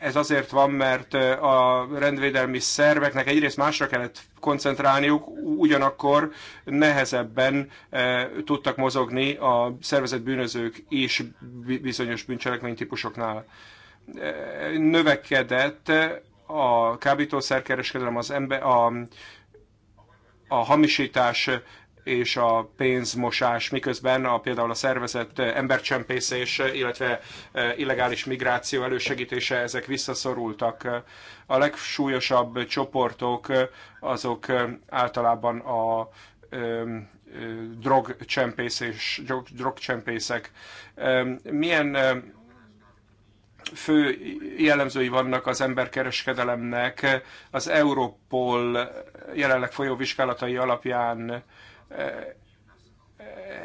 ez azért van, mert a rendvédelmi szerveknek egyrészt másra kellett koncentrálniuk, ugyanakkor nehezebben tudtak mozogni a szervezett bűnözők és bizonyos bűncselekménytípusoknál. Növekedett a kábítószerkereskedelem, az ember, a, a hamisítás és a pénzmosás, miközben a, például a szervezett embercsempészés, illetve e, illegális migráció elősegítése, ezek visszaszorultak. A legsúlyosabb csoportok e, azok e, általában a drogcsempészés, drog, drogcsempészek. Milyen fő jellemzői vannak az emberkereskedelemnek az Europol jelenleg folyó vizsgálatai alapján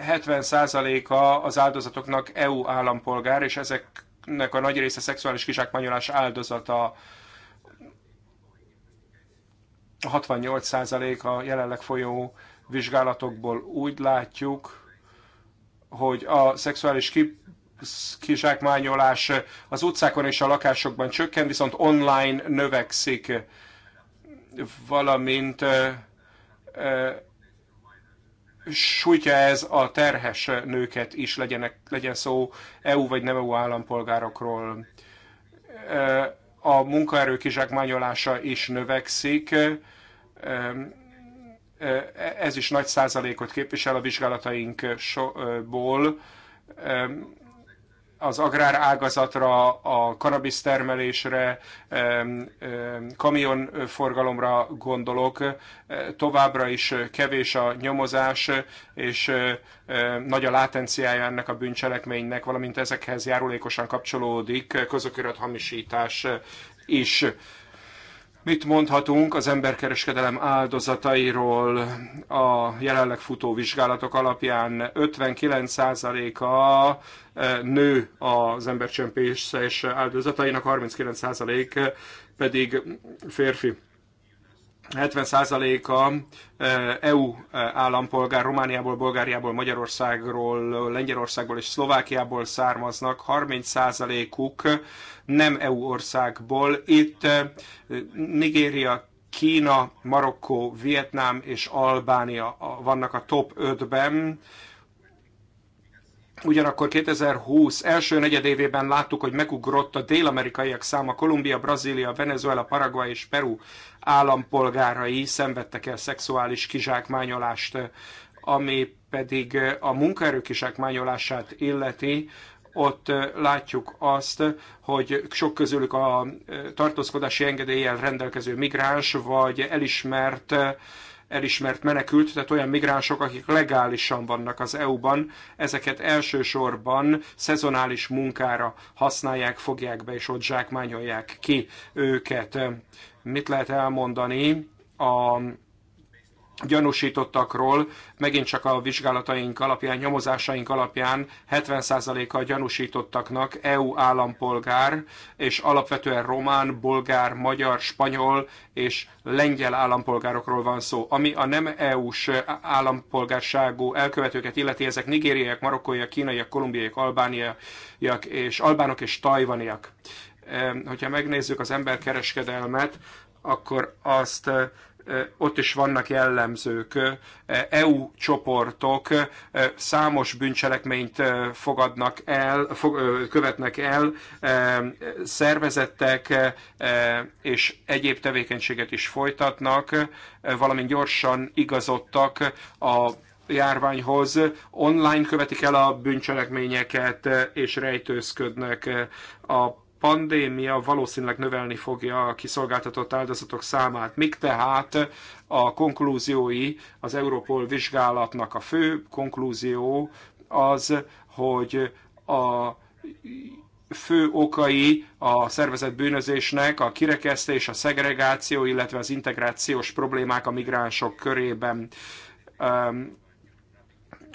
70%-a az áldozatoknak EU állampolgár, és ezeknek a nagy része szexuális kizsákmányolás áldozata. 68% a jelenleg folyó vizsgálatokból úgy látjuk, hogy a szexuális kizsákmányolás az utcákon és a lakásokban csökken, viszont online növekszik, valamint sújtja ez a terhes nőket is, legyenek, legyen szó EU vagy nem EU állampolgárokról. A munkaerő kizsákmányolása is növekszik, ez is nagy százalékot képvisel a vizsgálatainkból az agrárágazatra, a kanabisz termelésre, kamionforgalomra gondolok, továbbra is kevés a nyomozás, és nagy a látenciája ennek a bűncselekménynek, valamint ezekhez járulékosan kapcsolódik közökörött hamisítás is. Mit mondhatunk az emberkereskedelem áldozatairól a jelenleg futó vizsgálatok alapján? 59%-a eh, nő az embercsempészes áldozatainak, 39% pedig férfi. 70%-a eh, EU eh, állampolgár Romániából, Bulgáriából, Magyarországról, Lengyelországból és Szlovákiából származnak, 30%-uk nem EU országból. Itt eh, Nigéria, Kína, Marokkó, Vietnám és Albánia vannak a top 5-ben. Ugyanakkor 2020 első negyedévében láttuk, hogy megugrott a dél-amerikaiak száma Kolumbia, Brazília, Venezuela, Paraguay és Peru állampolgárai szenvedtek el szexuális kizsákmányolást, ami pedig a munkaerő kizsákmányolását illeti, ott látjuk azt, hogy sok közülük a tartózkodási engedéllyel rendelkező migráns, vagy elismert elismert menekült, tehát olyan migránsok, akik legálisan vannak az EU-ban, ezeket elsősorban szezonális munkára használják, fogják be, és ott zsákmányolják ki őket. Mit lehet elmondani a gyanúsítottakról, megint csak a vizsgálataink alapján, nyomozásaink alapján 70%-a a gyanúsítottaknak EU állampolgár, és alapvetően román, bolgár, magyar, spanyol és lengyel állampolgárokról van szó. Ami a nem EU-s állampolgárságú elkövetőket illeti, ezek nigériaiak, marokkóiak, kínaiak, kolumbiaiak, albániaiak és albánok és tajvaniak. Hogyha megnézzük az emberkereskedelmet, akkor azt ott is vannak jellemzők, EU csoportok számos bűncselekményt fogadnak el, követnek el, szervezettek és egyéb tevékenységet is folytatnak, valamint gyorsan igazodtak a járványhoz, online követik el a bűncselekményeket és rejtőzködnek. A pandémia valószínűleg növelni fogja a kiszolgáltatott áldozatok számát. Mik tehát a konklúziói az Europol vizsgálatnak? A fő konklúzió az, hogy a fő okai a szervezett bűnözésnek a kirekesztés, a szegregáció, illetve az integrációs problémák a migránsok körében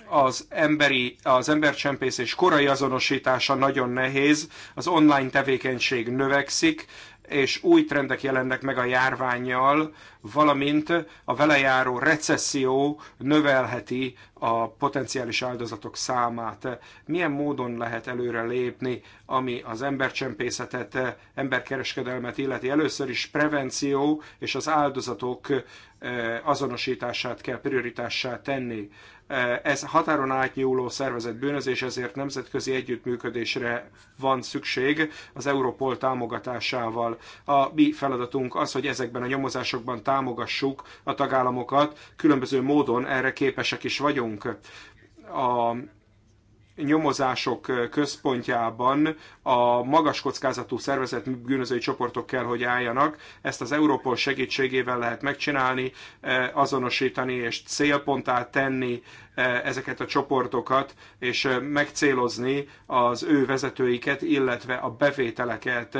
az emberi, az embercsempészés korai azonosítása nagyon nehéz, az online tevékenység növekszik, és új trendek jelennek meg a járványjal, valamint a velejáró recesszió növelheti a potenciális áldozatok számát. Milyen módon lehet előre lépni, ami az embercsempészetet, emberkereskedelmet illeti? Először is prevenció és az áldozatok eh, azonosítását kell prioritássá tenni. Eh, ez határon átnyúló szervezett bűnözés, ezért nemzetközi együttműködésre van szükség az Europol támogatásával. A mi feladatunk az, hogy ezekben a nyomozásokban támogassuk a tagállamokat, különböző módon erre képesek is vagyunk. A nyomozások központjában a magas kockázatú szervezet bűnözői csoportok kell, hogy álljanak. Ezt az Europol segítségével lehet megcsinálni, azonosítani és célpontá tenni ezeket a csoportokat, és megcélozni az ő vezetőiket, illetve a bevételeket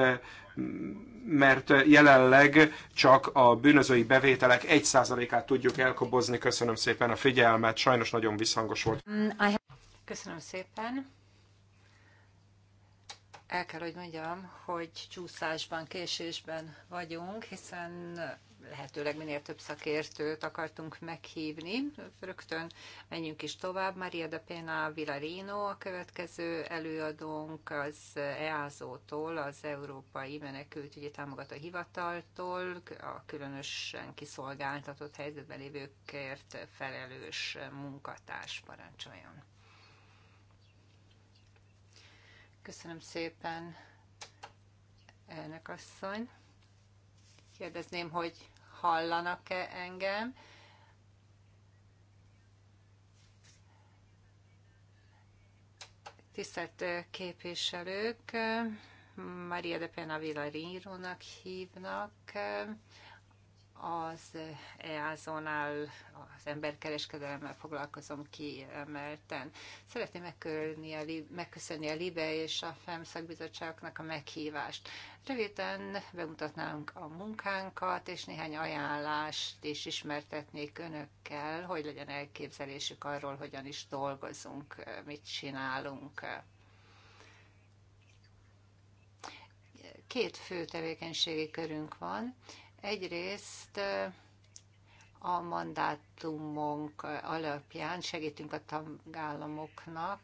mert jelenleg csak a bűnözői bevételek 1%-át tudjuk elkobozni. Köszönöm szépen a figyelmet, sajnos nagyon visszhangos volt. Um, Köszönöm szépen. El kell, hogy mondjam, hogy csúszásban, késésben vagyunk, hiszen lehetőleg minél több szakértőt akartunk meghívni. Rögtön menjünk is tovább. Maria de Pena Villarino a következő előadónk az EASO-tól, az Európai Menekültügyi Támogató Hivataltól, a különösen kiszolgáltatott helyzetben lévőkért felelős munkatárs parancsoljon. Köszönöm szépen, elnök asszony. Kérdezném, hogy hallanak-e engem? Tisztelt képviselők, Maria de Pena Villarírónak hívnak az EASO-nál az emberkereskedelemmel foglalkozom kiemelten. Szeretném megköszönni a, megköszönni a LIBE és a FEM szakbizottságoknak a meghívást. Röviden bemutatnánk a munkánkat, és néhány ajánlást is ismertetnék önökkel, hogy legyen elképzelésük arról, hogyan is dolgozunk, mit csinálunk. Két fő tevékenységi körünk van. Egyrészt a mandátumunk alapján segítünk a tagállamoknak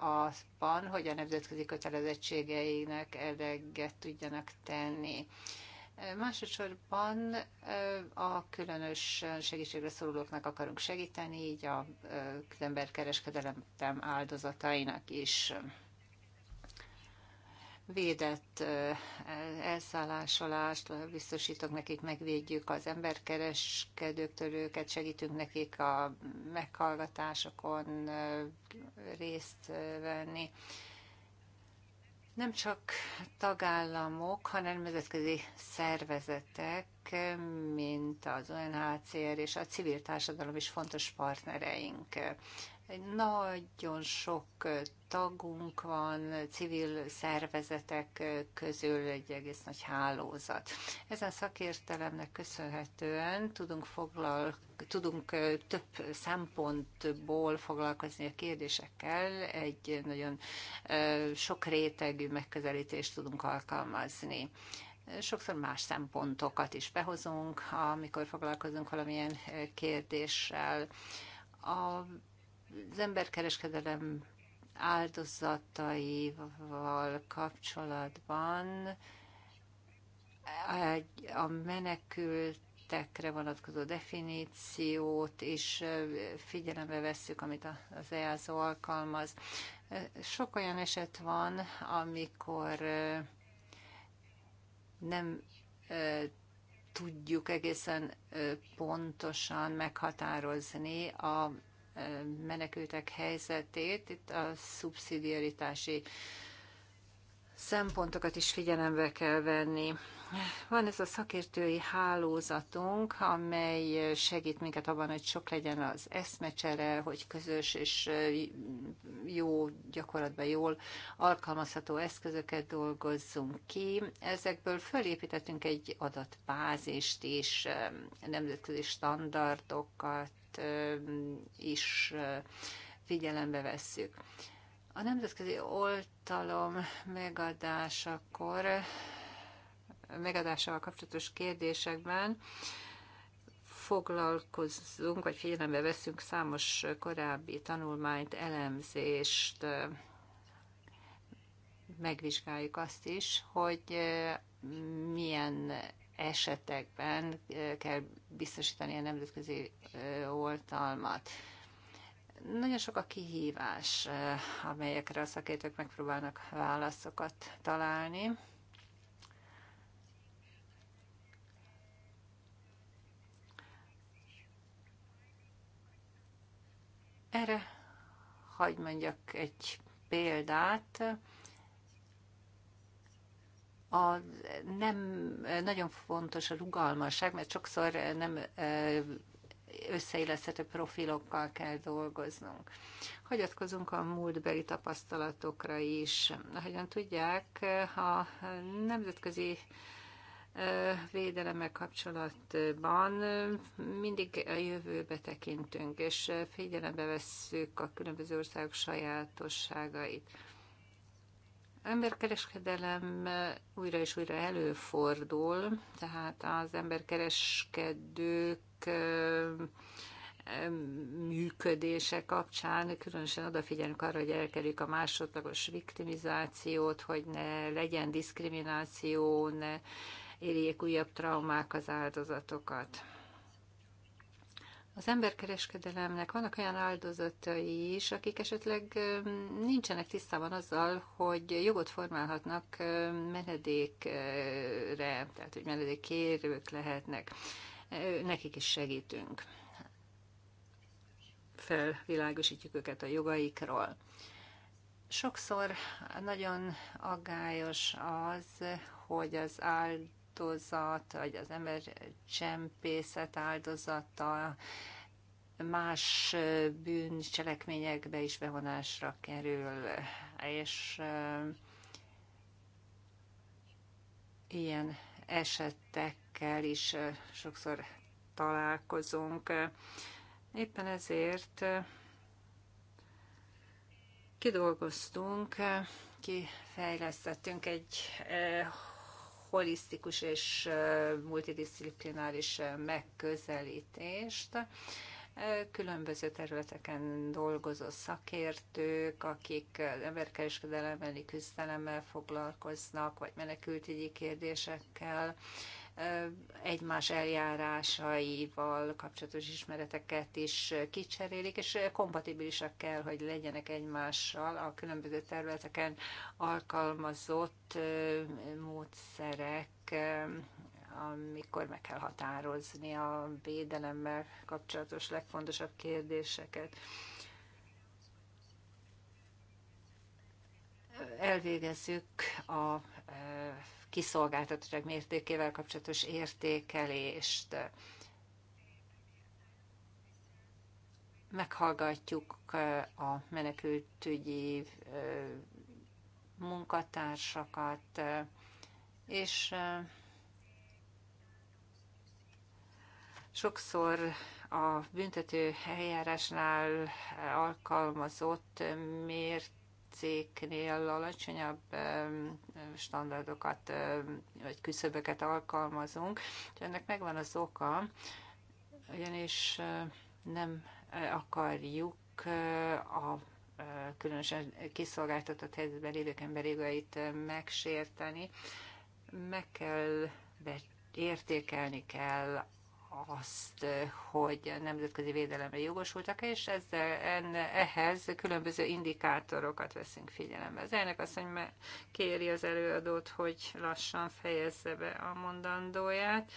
azban, hogy a nemzetközi kötelezettségeinek eleget tudjanak tenni. Másodszorban a különös segítségre szorulóknak akarunk segíteni, így a emberkereskedelem áldozatainak is védett elszállásolást, biztosítok nekik, megvédjük az emberkereskedőktől őket, segítünk nekik a meghallgatásokon részt venni. Nem csak tagállamok, hanem nemzetközi szervezetek, mint az UNHCR és a civil társadalom is fontos partnereink. Nagyon sok tagunk van, civil szervezetek közül egy egész nagy hálózat. Ezen szakértelemnek köszönhetően tudunk, foglal, tudunk több szempontból foglalkozni a kérdésekkel, egy nagyon sok rétegű megközelítést tudunk alkalmazni sokszor más szempontokat is behozunk, amikor foglalkozunk valamilyen kérdéssel. A az emberkereskedelem áldozataival kapcsolatban a menekültekre vonatkozó definíciót is figyelembe vesszük, amit az EASO alkalmaz. Sok olyan eset van, amikor nem tudjuk egészen pontosan meghatározni a menekültek helyzetét, itt a szubszidiaritási szempontokat is figyelembe kell venni. Van ez a szakértői hálózatunk, amely segít minket abban, hogy sok legyen az eszmecsere, hogy közös és jó, gyakorlatban jól alkalmazható eszközöket dolgozzunk ki. Ezekből fölépítettünk egy adatbázist és nemzetközi standardokat is figyelembe vesszük. A nemzetközi oltalom megadásakor, megadásával kapcsolatos kérdésekben foglalkozunk, vagy figyelembe veszünk számos korábbi tanulmányt, elemzést, megvizsgáljuk azt is, hogy milyen esetekben kell biztosítani a nemzetközi oltalmat. Nagyon sok a kihívás, amelyekre a szakértők megpróbálnak válaszokat találni. Erre hagyd mondjak egy példát a nem nagyon fontos a rugalmasság, mert sokszor nem összeilleszthető profilokkal kell dolgoznunk. Hagyatkozunk a múltbeli tapasztalatokra is. Ahogyan tudják, a nemzetközi védelemmel kapcsolatban mindig a jövőbe tekintünk, és figyelembe vesszük a különböző országok sajátosságait emberkereskedelem újra és újra előfordul, tehát az emberkereskedők működése kapcsán különösen odafigyelünk arra, hogy elkerüljük a másodlagos viktimizációt, hogy ne legyen diszkrimináció, ne érjék újabb traumák az áldozatokat. Az emberkereskedelemnek vannak olyan áldozatai is, akik esetleg nincsenek tisztában azzal, hogy jogot formálhatnak menedékre, tehát hogy menedékkérők lehetnek. Nekik is segítünk. Felvilágosítjuk őket a jogaikról. Sokszor nagyon aggályos az, hogy az áld áldozat, vagy az ember csempészet áldozata, más bűncselekményekbe is bevonásra kerül, és ilyen esetekkel is sokszor találkozunk. Éppen ezért kidolgoztunk, kifejlesztettünk egy holisztikus és multidisziplináris megközelítést különböző területeken dolgozó szakértők, akik emberkereskedelemmel, küzdelemmel foglalkoznak, vagy menekültügyi kérdésekkel, egymás eljárásaival kapcsolatos ismereteket is kicserélik, és kompatibilisak kell, hogy legyenek egymással a különböző területeken alkalmazott módszerek, amikor meg kell határozni a védelemmel kapcsolatos legfontosabb kérdéseket. elvégezzük a e, kiszolgáltatottság mértékével kapcsolatos értékelést. Meghallgatjuk e, a menekültügyi e, munkatársakat, és sokszor a büntető eljárásnál alkalmazott mért cégnél alacsonyabb standardokat vagy küszöböket alkalmazunk, ennek megvan az oka, ugyanis nem akarjuk a különösen kiszolgáltatott helyzetben lévők emberigait megsérteni. Meg kell, értékelni kell azt, hogy nemzetközi védelemre jogosultak, és ezzel, ehhez különböző indikátorokat veszünk figyelembe. Az elnök azt mondja, kéri az előadót, hogy lassan fejezze be a mondandóját.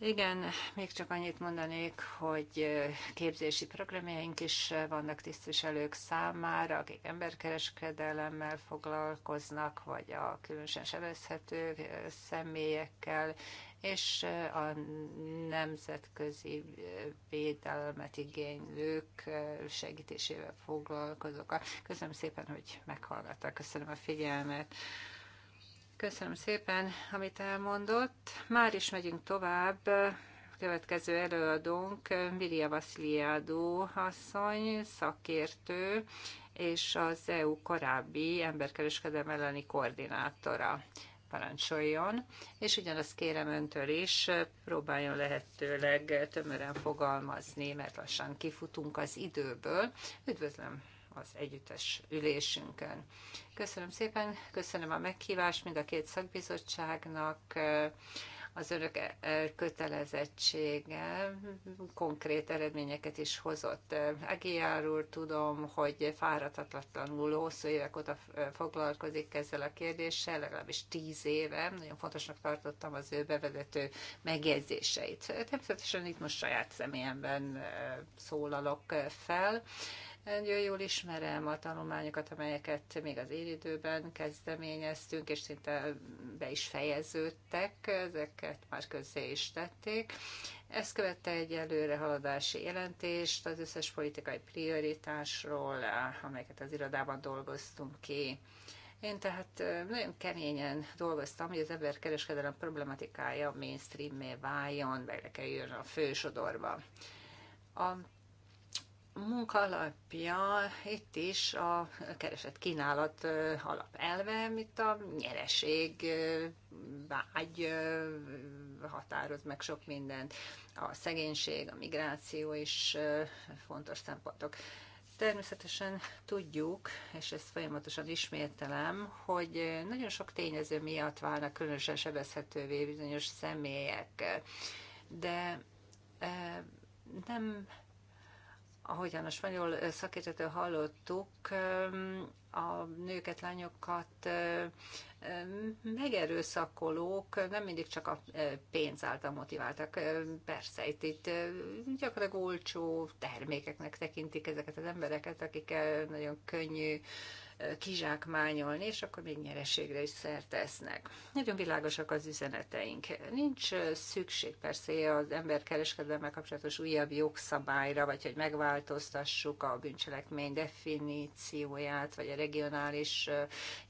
Igen, még csak annyit mondanék, hogy képzési programjaink is vannak tisztviselők számára, akik emberkereskedelemmel foglalkoznak, vagy a különösen sebezhető személyekkel és a nemzetközi védelmet igénylők segítésével foglalkozok. Köszönöm szépen, hogy meghallgattak. Köszönöm a figyelmet. Köszönöm szépen, amit elmondott. Már is megyünk tovább. Következő előadónk Mirja Vasiliadó asszony, szakértő, és az EU korábbi emberkereskedelem elleni koordinátora parancsoljon, és ugyanazt kérem öntől is, próbáljon lehetőleg tömören fogalmazni, mert lassan kifutunk az időből. Üdvözlöm az együttes ülésünkön. Köszönöm szépen, köszönöm a meghívást mind a két szakbizottságnak az önök eh, kötelezettsége konkrét eredményeket is hozott. úr, tudom, hogy fáradhatatlanul hosszú évek óta eh, foglalkozik ezzel a kérdéssel, legalábbis tíz éve. Nagyon fontosnak tartottam az ő bevezető megjegyzéseit. Természetesen itt most saját személyemben eh, szólalok fel. Nagyon jól ismerem a tanulmányokat, amelyeket még az élidőben kezdeményeztünk, és szinte be is fejeződtek, ezeket már közzé is tették. Ezt követte egy haladási jelentést az összes politikai prioritásról, amelyeket az irodában dolgoztunk ki. Én tehát nagyon keményen dolgoztam, hogy az emberkereskedelem problematikája mainstream-mé váljon, bele jön a fősodorba. A munka alapja itt is a keresett kínálat alapelve, mint a nyereség vágy határoz meg sok mindent. A szegénység, a migráció is fontos szempontok. Természetesen tudjuk, és ezt folyamatosan ismételem, hogy nagyon sok tényező miatt válnak különösen sebezhetővé bizonyos személyek, de nem ahogyan a spanyol szakértőtől hallottuk, a nőket, lányokat megerőszakolók nem mindig csak a pénz által motiváltak. Persze, itt, itt gyakorlatilag olcsó termékeknek tekintik ezeket az embereket, akik nagyon könnyű kizsákmányolni, és akkor még nyereségre is szert tesznek. Nagyon világosak az üzeneteink. Nincs szükség persze az emberkereskedelme kapcsolatos újabb jogszabályra, vagy hogy megváltoztassuk a bűncselekmény definícióját, vagy a regionális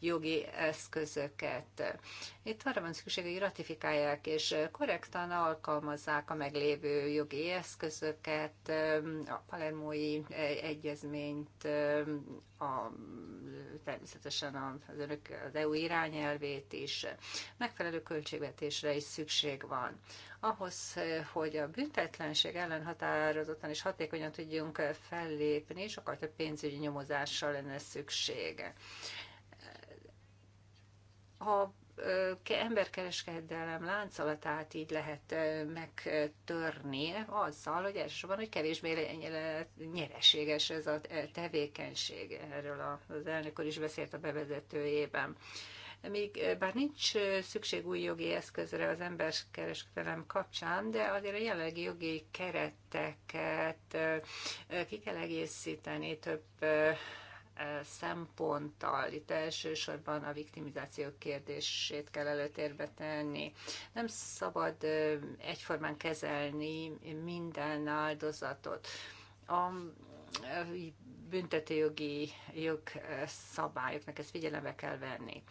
jogi eszközöket. Itt arra van szükség, hogy ratifikálják és korrektan alkalmazzák a meglévő jogi eszközöket, a palermói egyezményt, a, természetesen az, önök, az EU irányelvét is. Megfelelő költségvetésre is szükség van. Ahhoz, hogy a büntetlenség ellen határozottan és hatékonyan tudjunk fellépni, sokkal több pénzügyi nyomozással lenne szüksége. A emberkereskedelem láncolatát így lehet megtörni azzal, hogy elsősorban, hogy kevésbé nyereséges ez a e, tevékenység. Erről az elnök úr is beszélt a bevezetőjében még bár nincs szükség új jogi eszközre az emberkereskedelem kapcsán, de azért a jelenlegi jogi kereteket ki kell egészíteni több szemponttal. Itt elsősorban a viktimizáció kérdését kell előtérbe tenni. Nem szabad egyformán kezelni minden áldozatot. A büntetőjogi jogszabályoknak ezt figyelembe kell venni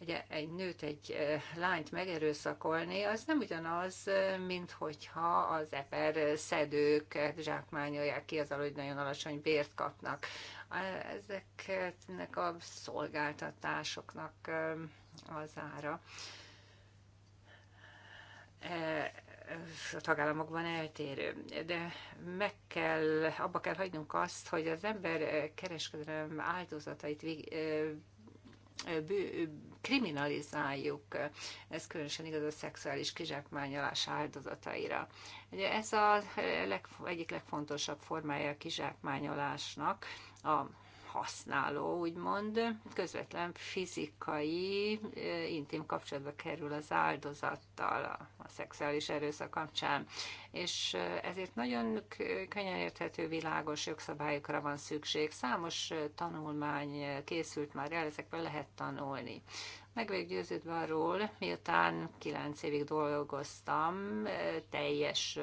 egy egy nőt, egy lányt megerőszakolni, az nem ugyanaz, mint hogyha az eper szedők zsákmányolják ki azzal, hogy nagyon alacsony bért kapnak. Ezeknek a szolgáltatásoknak az ára e, a tagállamokban eltérő, de meg kell, abba kell hagynunk azt, hogy az ember kereskedelem áldozatait kriminalizáljuk. Ez különösen igaz a szexuális kizsákmányolás áldozataira. Ugye ez a leg, egyik legfontosabb formája a kizsákmányolásnak, a használó, úgymond, közvetlen fizikai, intim kapcsolatba kerül az áldozattal a szexuális erőszak kapcsán. És ezért nagyon könnyen érthető, világos jogszabályokra van szükség. Számos tanulmány készült már el, ezekből lehet tanulni meg vagyok győződve arról, miután kilenc évig dolgoztam teljes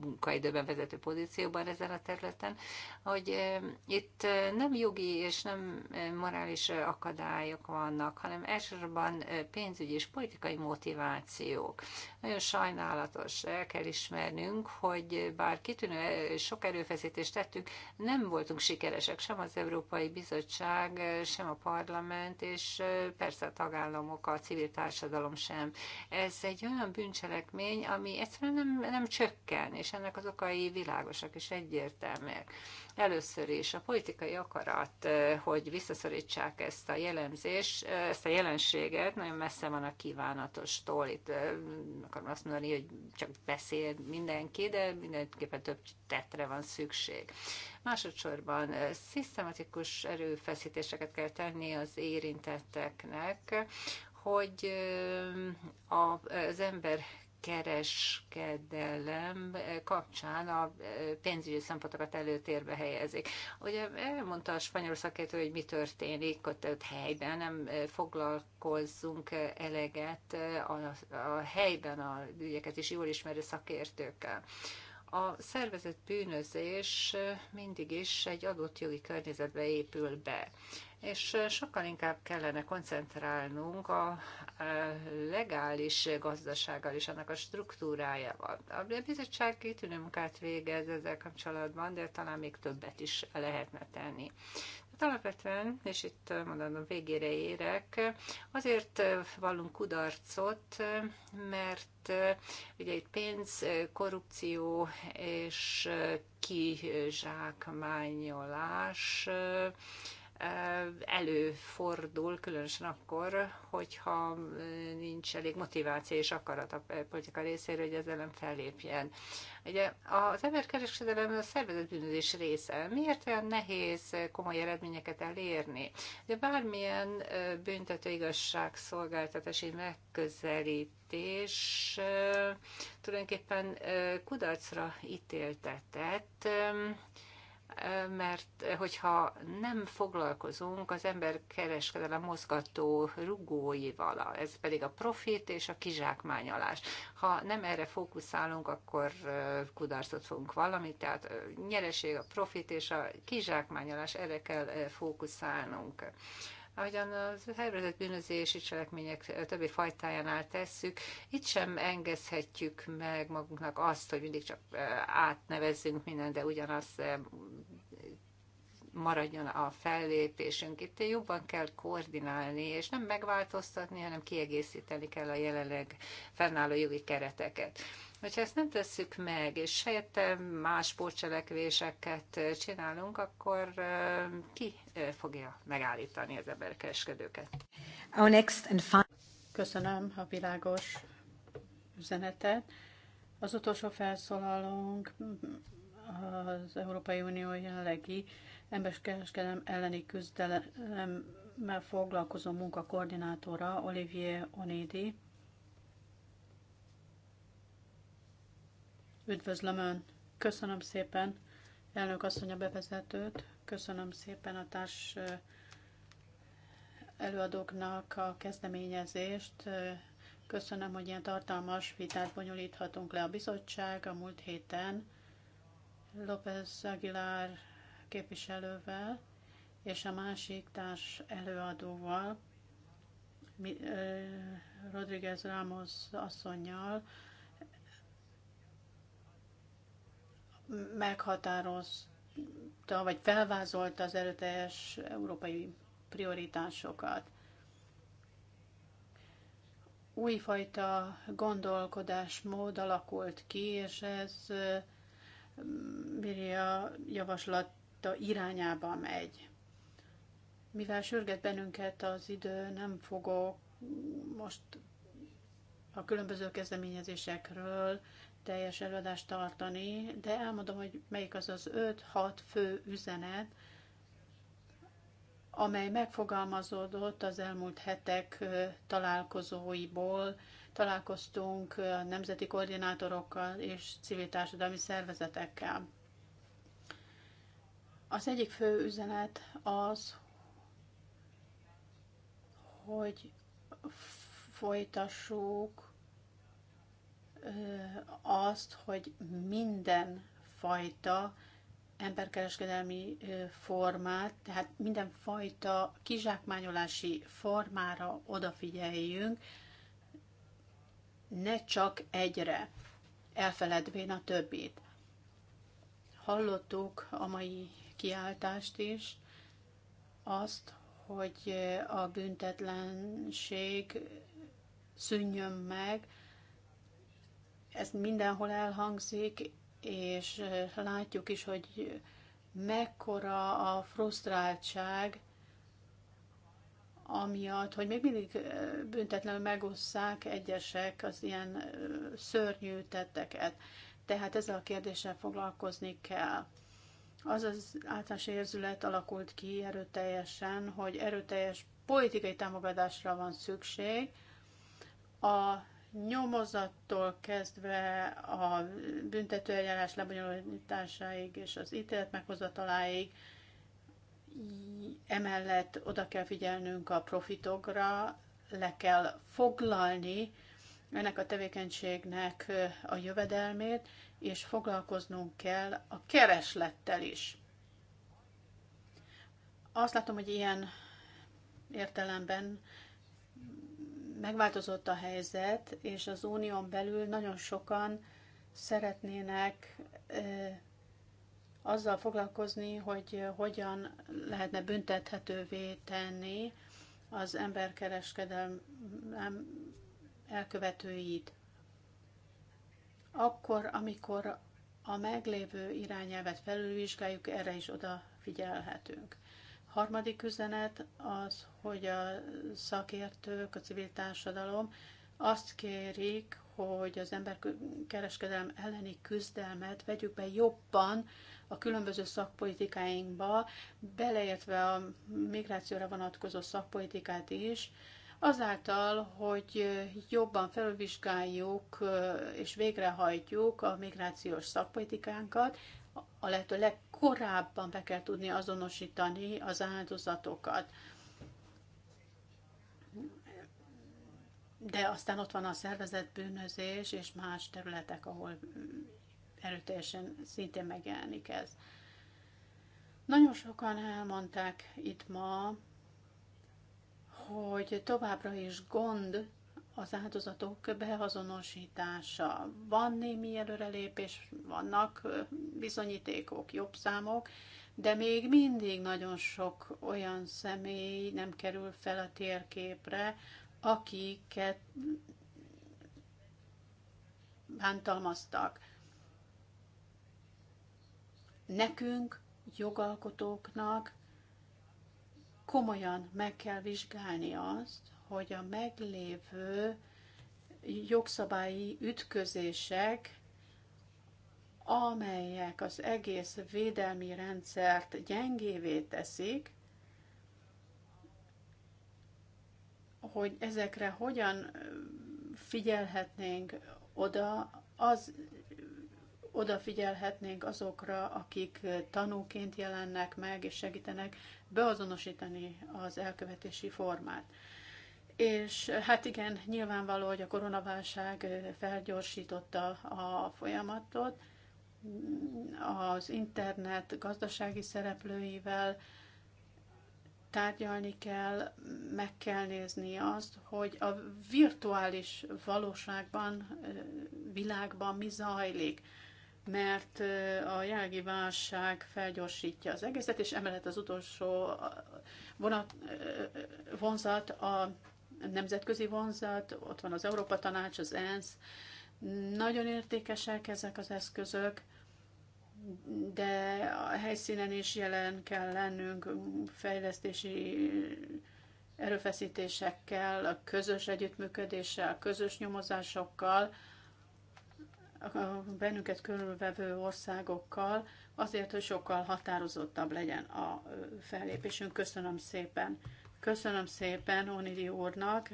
munkaidőben vezető pozícióban ezen a területen, hogy itt nem jogi és nem morális akadályok vannak, hanem elsősorban pénzügyi és politikai motivációk. Nagyon sajnálatos, el kell ismernünk, hogy bár kitűnő sok erőfeszítést tettünk, nem voltunk sikeresek sem az Európai Bizottság, sem a parlament, és persze a tagállamok, a civil társadalom sem. Ez egy olyan bűncselekmény, ami egyszerűen nem, nem csökken, és ennek az okai világosak és egyértelműek. Először is a politikai akarat, eh, hogy visszaszorítsák ezt a jellemzés, eh, ezt a jelenséget, nagyon messze van a kívánatostól. Itt eh, akarom azt mondani, hogy csak beszél mindenki, de mindenképpen több tetre van szükség. Másodszorban szisztematikus erőfeszítéseket kell tenni az érintetteknek, hogy az ember kereskedelem kapcsán a e, pénzügyi szempontokat előtérbe helyezik. Ugye elmondta a spanyol szakértő, hogy mi történik ott, ott helyben, nem e, foglalkozzunk e, eleget a, a helyben a ügyeket is jól ismerő szakértőkkel. A szervezett bűnözés mindig is egy adott jogi környezetbe épül be, és sokkal inkább kellene koncentrálnunk a legális gazdasággal és annak a struktúrájával. A bizottság kitűnő munkát végez ezzel kapcsolatban, de talán még többet is lehetne tenni. Hát alapvetően, és itt eh, a végére érek, azért eh, vallunk kudarcot, mert eh, ugye itt pénz, korrupció és kizsákmányolás előfordul, különösen akkor, hogyha nincs elég motiváció és akarat a politika részéről, hogy ezzel nem fellépjen. Ugye az emberkereskedelem a szervezetbűnözés része. Miért olyan nehéz komoly eredményeket elérni? De bármilyen büntető igazságszolgáltatási megközelítés tulajdonképpen kudarcra ítéltetett, mert eh, hogyha nem foglalkozunk az ember kereskedelem mozgató rugóival, ez pedig a profit és a kizsákmányolás. Ha nem erre fókuszálunk, akkor eh, kudarcot fogunk valamit, tehát a eh, nyereség, a profit és a kizsákmányolás, erre kell fókuszálnunk ahogyan az szervezett bűnözési cselekmények többi fajtájánál tesszük, itt sem engedhetjük meg magunknak azt, hogy mindig csak átnevezzünk mindent, de ugyanaz maradjon a fellépésünk. Itt jobban kell koordinálni, és nem megváltoztatni, hanem kiegészíteni kell a jelenleg fennálló jogi kereteket. Hogyha ezt nem tesszük meg, és helyette más sportcselekvéseket csinálunk, akkor ki fogja megállítani az emberkereskedőket? next Köszönöm a világos üzenetet. Az utolsó felszólalónk az Európai Unió jelenlegi emberkereskedelem elleni küzdelemmel foglalkozó munkakoordinátora Olivier Onidi. Üdvözlöm Ön! Köszönöm szépen, elnök asszony a bevezetőt, köszönöm szépen a társ előadóknak a kezdeményezést, köszönöm, hogy ilyen tartalmas vitát bonyolíthatunk le a bizottság a múlt héten López Aguilar képviselővel és a másik társ előadóval, Rodriguez Ramos asszonynal meghatározta, vagy felvázolta az erőteljes európai prioritásokat. Újfajta gondolkodásmód alakult ki, és ez Bírja mm, javaslata irányába megy. Mivel sürget bennünket az idő, nem fogok most a különböző kezdeményezésekről teljes előadást tartani, de elmondom, hogy melyik az az 5-6 fő üzenet, amely megfogalmazódott az elmúlt hetek találkozóiból. Találkoztunk nemzeti koordinátorokkal és civil társadalmi szervezetekkel. Az egyik fő üzenet az, hogy folytassuk azt, hogy minden fajta emberkereskedelmi formát, tehát minden fajta kizsákmányolási formára odafigyeljünk, ne csak egyre, elfeledvén a többit. Hallottuk a mai kiáltást is, azt, hogy a büntetlenség szűnjön meg, ez mindenhol elhangzik, és látjuk is, hogy mekkora a frusztráltság, amiatt, hogy még mindig büntetlenül megosszák egyesek az ilyen szörnyű tetteket. Tehát ezzel a kérdéssel foglalkozni kell. Az az általános érzület alakult ki erőteljesen, hogy erőteljes politikai támogatásra van szükség a nyomozattól kezdve a büntetőeljárás lebonyolításáig és az ítélet meghozataláig emellett oda kell figyelnünk a profitokra, le kell foglalni ennek a tevékenységnek a jövedelmét, és foglalkoznunk kell a kereslettel is. Azt látom, hogy ilyen értelemben megváltozott a helyzet, és az unión belül nagyon sokan szeretnének azzal foglalkozni, hogy hogyan lehetne büntethetővé tenni az emberkereskedelem elkövetőit. Akkor, amikor a meglévő irányelvet felülvizsgáljuk, erre is odafigyelhetünk. Harmadik üzenet az, hogy a szakértők, a civil társadalom azt kérik, hogy az emberkereskedelem elleni küzdelmet vegyük be jobban a különböző szakpolitikáinkba, beleértve a migrációra vonatkozó szakpolitikát is, azáltal, hogy jobban felvizsgáljuk és végrehajtjuk a migrációs szakpolitikánkat, a lehető legkorábban be kell tudni azonosítani az áldozatokat. De aztán ott van a szervezet bűnözés és más területek, ahol erőteljesen szintén megjelenik ez. Nagyon sokan elmondták itt ma, hogy továbbra is gond az áldozatok beazonosítása. Van némi előrelépés, vannak bizonyítékok, jobb számok, de még mindig nagyon sok olyan személy nem kerül fel a térképre, akiket bántalmaztak. Nekünk, jogalkotóknak komolyan meg kell vizsgálni azt, hogy a meglévő jogszabályi ütközések, amelyek az egész védelmi rendszert gyengévé teszik, hogy ezekre hogyan figyelhetnénk oda, az odafigyelhetnénk azokra, akik tanúként jelennek meg és segítenek beazonosítani az elkövetési formát. És eh, hát igen, nyilvánvaló, hogy a koronaválság eh, felgyorsította a folyamatot. Az internet gazdasági szereplőivel tárgyalni kell, meg kell nézni azt, hogy a virtuális valóságban, eh, világban mi zajlik mert a jelenlegi válság felgyorsítja az egészet, és emellett az utolsó vonat, vonzat a nemzetközi vonzat, ott van az Európa Tanács, az ENSZ. Nagyon értékesek ezek az eszközök, de a helyszínen is jelen kell lennünk fejlesztési erőfeszítésekkel, a közös együttműködéssel, a közös nyomozásokkal, a bennünket körülvevő országokkal, azért, hogy sokkal határozottabb legyen a fellépésünk. Köszönöm szépen! Köszönöm szépen Onidi úrnak,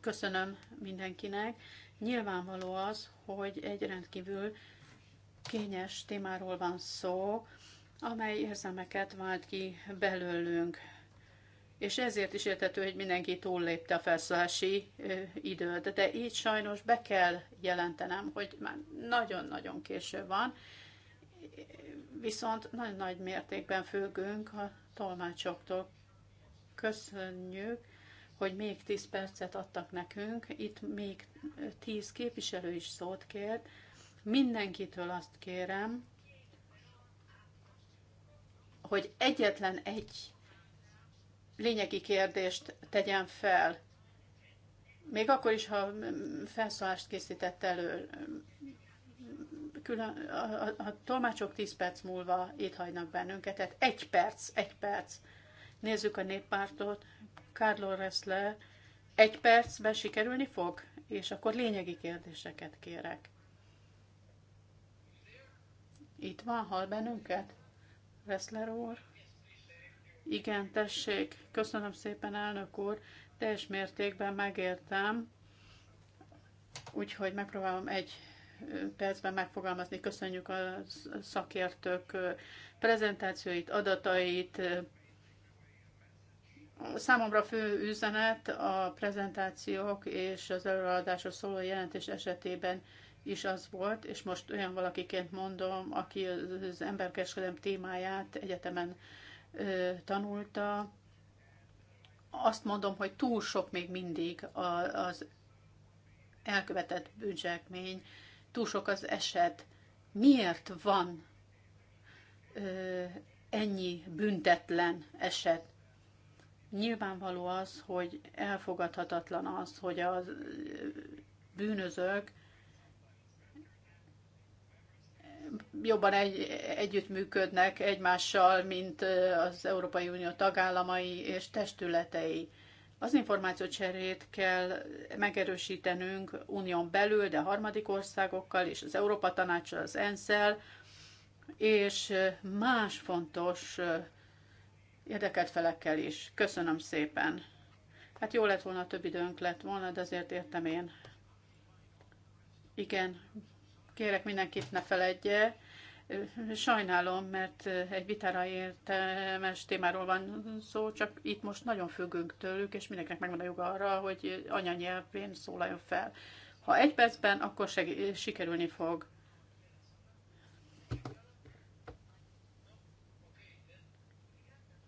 köszönöm mindenkinek. Nyilvánvaló az, hogy egy rendkívül kényes témáról van szó, amely érzelmeket vált ki belőlünk. És ezért is értető, hogy mindenki túllépte a felszállási időt. De így sajnos be kell jelentenem, hogy már nagyon-nagyon késő van, viszont nagyon nagy mértékben függünk a tolmácsoktól. Köszönjük, hogy még 10 percet adtak nekünk. Itt még 10 képviselő is szót kért. Mindenkitől azt kérem, hogy egyetlen egy lényegi kérdést tegyen fel. Még akkor is, ha felszólást készített elő, külön, a, a, a tolmácsok 10 perc múlva itt hagynak bennünket, tehát egy perc, egy perc. Nézzük a néppártot. Carlo Ressler egy percben sikerülni fog, és akkor lényegi kérdéseket kérek. Itt van, hall bennünket? Ressler úr? Igen, tessék, köszönöm szépen, elnök úr, teljes mértékben megértem, úgyhogy megpróbálom egy percben megfogalmazni. Köszönjük a szakértők prezentációit, adatait, Számomra fő üzenet a prezentációk és az előadásról szóló jelentés esetében is az volt, és most olyan valakiként mondom, aki az emberkereskedelem témáját egyetemen ö, tanulta, azt mondom, hogy túl sok még mindig az elkövetett bűncselekmény, túl sok az eset. Miért van ö, ennyi büntetlen eset? Nyilvánvaló az, hogy elfogadhatatlan az, hogy a bűnözők jobban egy, együttműködnek egymással, mint az Európai Unió tagállamai és testületei. Az információcserét kell megerősítenünk unión belül, de harmadik országokkal és az Európa Tanácsa az ENSZ-el, és más fontos érdekelt felekkel is. Köszönöm szépen. Hát jó lett volna, több időnk lett volna, de azért értem én. Igen, kérek mindenkit ne feledje. Sajnálom, mert egy vitára értelmes témáról van szó, csak itt most nagyon függünk tőlük, és mindenkinek megvan a joga arra, hogy anyanyelvén szólaljon fel. Ha egy percben, akkor sikerülni fog.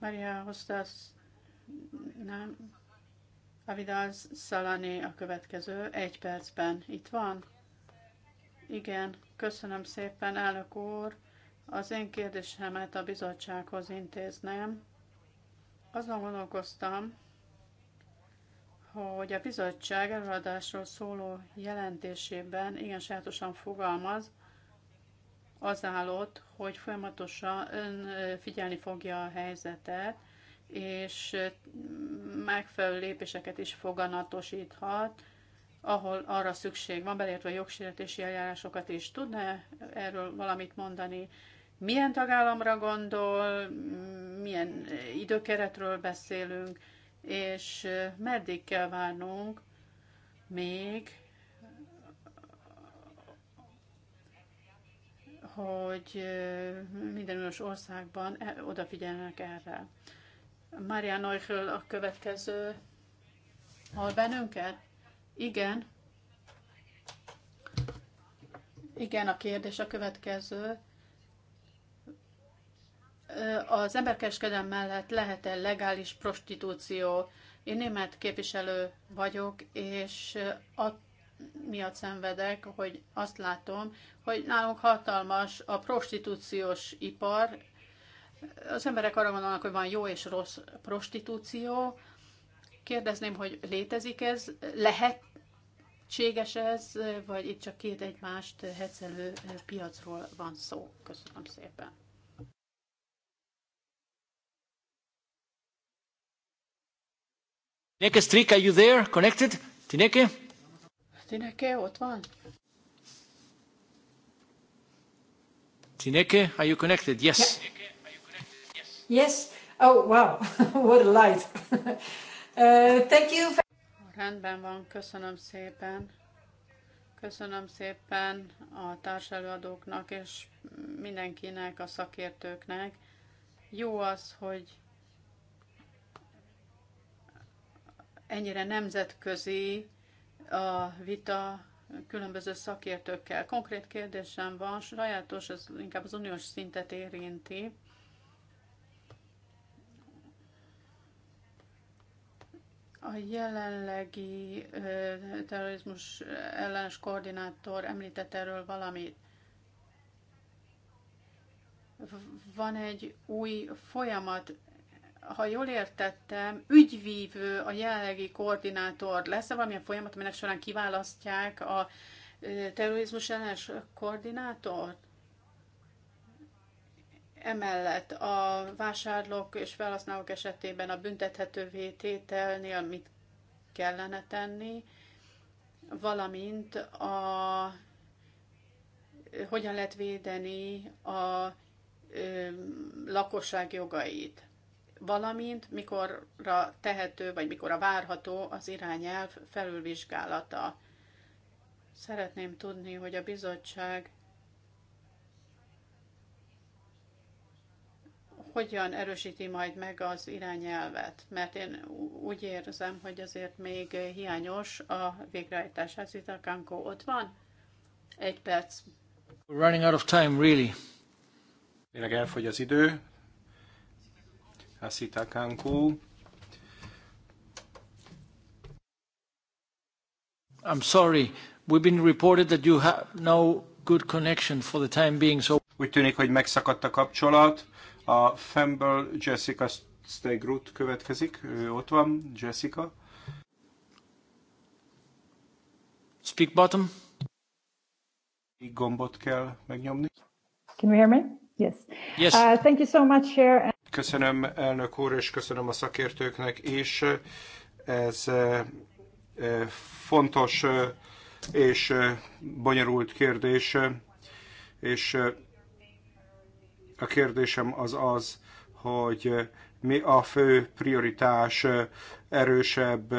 Maria Hostas, nem. Avidal Salani a következő, egy percben. Itt van? Igen, köszönöm szépen, elnök úr. Az én kérdésemet a bizottsághoz intéznem. Azon gondolkoztam, hogy a bizottság előadásról szóló jelentésében igen sajátosan fogalmaz, az állott, hogy folyamatosan figyelni fogja a helyzetet, és megfelelő lépéseket is foganatosíthat, ahol arra szükség van, belértve a jogsértési eljárásokat is. Tudna -e erről valamit mondani? Milyen tagállamra gondol, milyen időkeretről beszélünk, és meddig kell várnunk még, hogy minden uniós országban e, odafigyelnek erre. Mária Neuchel a következő. Hall bennünket? Igen. Igen, a kérdés a következő. Az emberkereskedelem mellett lehet-e legális prostitúció? Én német képviselő vagyok, és attól, miatt szenvedek, hogy azt látom, hogy nálunk hatalmas a prostitúciós ipar. Az emberek arra gondolnak, hogy van jó és rossz prostitúció. Kérdezném, hogy létezik ez, lehetséges ez, vagy itt csak két egymást hetszelő piacról van szó. Köszönöm szépen. Tineke Strik, are you there? Connected? Tineke? Tineke, ott van? Tineke, are you connected? Yes. Yeah. Yes. Oh, wow. What a light. uh, thank you. Rendben van, köszönöm szépen. Köszönöm szépen a társelőadóknak és mindenkinek, a szakértőknek. Jó az, hogy ennyire nemzetközi a vita különböző szakértőkkel. Konkrét kérdésem van, sajátos, ez inkább az uniós szintet érinti. A jelenlegi terrorizmus ellenes koordinátor említett erről valamit. Van egy új folyamat ha jól értettem, ügyvívő a jelenlegi koordinátor. Lesz-e valamilyen folyamat, aminek során kiválasztják a terrorizmus ellenes koordinátort? Emellett a vásárlók és felhasználók esetében a büntethető vétételnél mit kellene tenni, valamint a, hogyan lehet védeni a ö, lakosság jogait valamint mikorra tehető, vagy mikorra várható az irányelv felülvizsgálata. Szeretném tudni, hogy a bizottság hogyan erősíti majd meg az irányelvet, mert én úgy érzem, hogy azért még hiányos a végrehajtás. Ez hát, itt a Kankó ott van? Egy perc. We're running out of time, really. Tényleg elfogy az idő, Hasita Kankú. I'm sorry, we've been reported that you have no good connection for the time being, so... Úgy tűnik, hogy megszakadt a kapcsolat. A Femből Jessica Stegrut következik. Ő ott van, Jessica. Speak bottom. Gombot kell megnyomni. Can you hear me? Yes. Yes. Uh, thank you so much, Chair. Köszönöm elnök úr, és köszönöm a szakértőknek is. Ez fontos és bonyolult kérdés, és a kérdésem az az, hogy mi a fő prioritás erősebb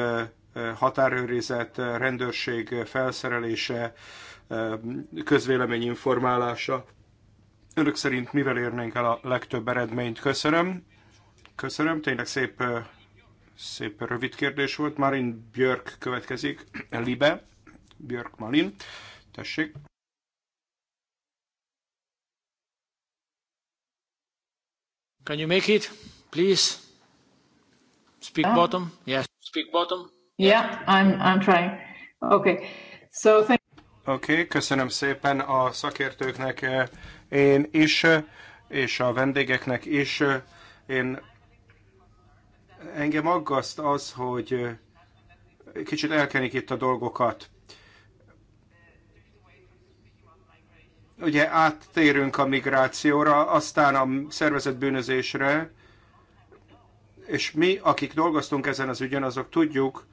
határőrizet, rendőrség felszerelése, közvélemény informálása Önök szerint mivel érnénk el a legtöbb eredményt? Köszönöm. Köszönöm, tényleg szép, szép rövid kérdés volt. Marin Björk következik, Libe, Björk Malin. Tessék. Can you make it, please? Speak bottom. Yes. Speak bottom. Yeah, I'm I'm trying. Okay. So thank Oké, okay, köszönöm szépen a szakértőknek eh, én is, eh, és a vendégeknek is. Eh, én engem aggaszt az, hogy kicsit elkenik itt a dolgokat. Ugye áttérünk a migrációra, aztán a szervezett bűnözésre, és mi, akik dolgoztunk ezen az ügyen, azok tudjuk,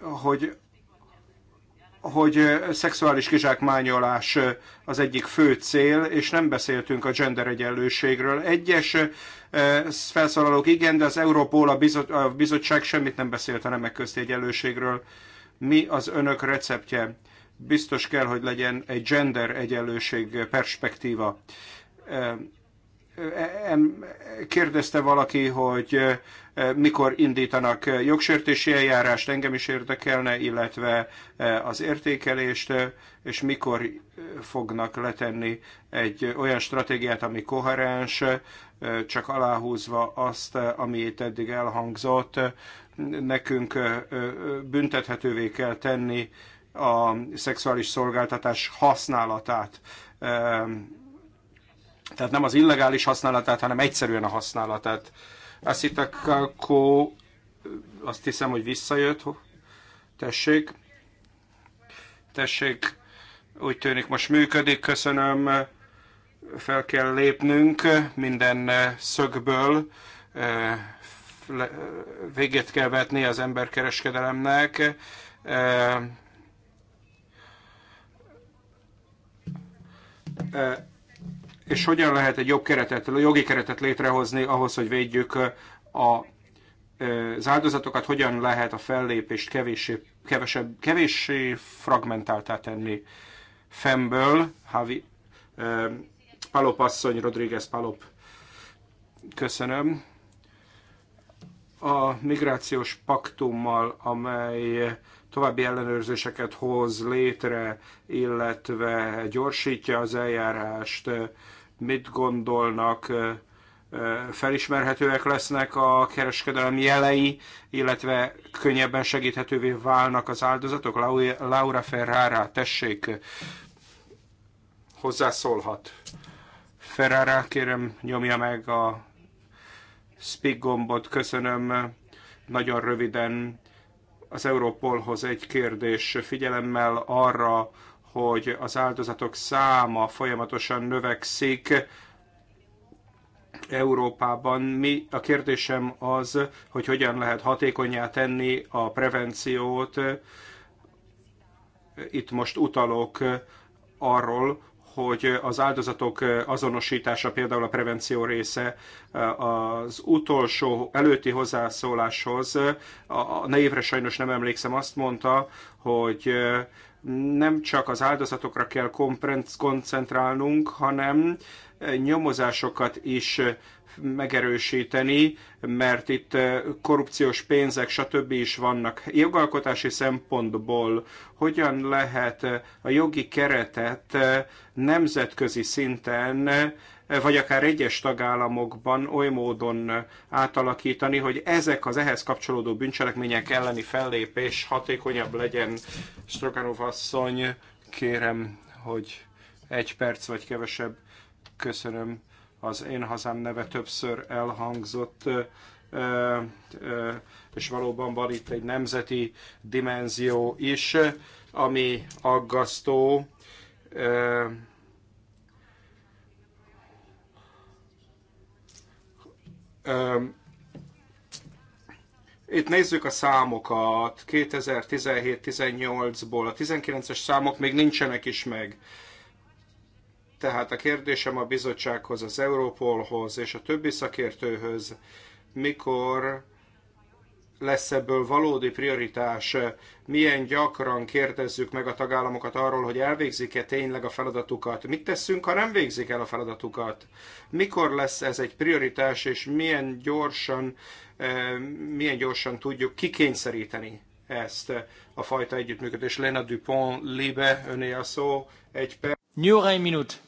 hogy hogy szexuális kizsákmányolás az egyik fő cél, és nem beszéltünk a gender egyenlőségről. Egyes felszólalók igen, de az Europol, a, bizottság semmit nem beszélt a nemek közti egyenlőségről. Mi az önök receptje? Biztos kell, hogy legyen egy gender egyenlőség perspektíva kérdezte valaki, hogy eh, mikor indítanak jogsértési eljárást, engem is érdekelne, illetve eh, az értékelést, eh, és mikor fognak letenni egy olyan stratégiát, ami koherens, csak aláhúzva azt, ami itt eddig elhangzott, nekünk büntethetővé kell tenni a szexuális szolgáltatás használatát tehát nem az illegális használatát, hanem egyszerűen a használatát. Azt itt akkor azt hiszem, hogy visszajött. Tessék. Tessék. Úgy tűnik most működik. Köszönöm. Fel kell lépnünk minden szögből. E, Véget kell vetni az emberkereskedelemnek. E, e, és hogyan lehet egy jobb keretet, jogi keretet létrehozni ahhoz, hogy védjük a, az áldozatokat, hogyan lehet a fellépést kevéssé, kevesebb, kevéssé fragmentáltá tenni femből, Havi, Palop asszony, Rodríguez Palop. Köszönöm. A migrációs paktummal, amely további ellenőrzéseket hoz létre, illetve gyorsítja az eljárást, mit gondolnak, felismerhetőek lesznek a kereskedelem jelei, illetve könnyebben segíthetővé válnak az áldozatok. Laura Ferrara, tessék, hozzászólhat. Ferrara, kérem, nyomja meg a speak gombot. Köszönöm nagyon röviden az Európolhoz egy kérdés figyelemmel arra, hogy az áldozatok száma folyamatosan növekszik Európában. Mi a kérdésem az, hogy hogyan lehet hatékonyá tenni a prevenciót. Itt most utalok arról, hogy az áldozatok azonosítása például a prevenció része az utolsó előtti hozzászóláshoz. A névre sajnos nem emlékszem, azt mondta, hogy nem csak az áldozatokra kell koncentrálnunk, hanem eh, nyomozásokat is eh, megerősíteni, mert itt eh, korrupciós pénzek, stb. is vannak. Jogalkotási szempontból hogyan lehet a jogi keretet nemzetközi szinten vagy akár egyes tagállamokban oly módon átalakítani, hogy ezek az ehhez kapcsolódó bűncselekmények elleni fellépés hatékonyabb legyen. Stroganov asszony, kérem, hogy egy perc vagy kevesebb. Köszönöm. Az én hazám neve többször elhangzott és valóban van itt egy nemzeti dimenzió is, ami aggasztó. Itt nézzük a számokat. 2017-18-ból a 19-es számok még nincsenek is meg. Tehát a kérdésem a bizottsághoz, az Európolhoz és a többi szakértőhöz, mikor lesz ebből valódi prioritás, milyen gyakran kérdezzük meg a tagállamokat arról, hogy elvégzik-e tényleg a feladatukat, mit teszünk, ha nem végzik el a feladatukat, mikor lesz ez egy prioritás, és milyen gyorsan, eh, milyen gyorsan tudjuk kikényszeríteni ezt eh, a fajta együttműködés. Lena Dupont, Libe, öné a szó, egy perc. Nyúra egy minut.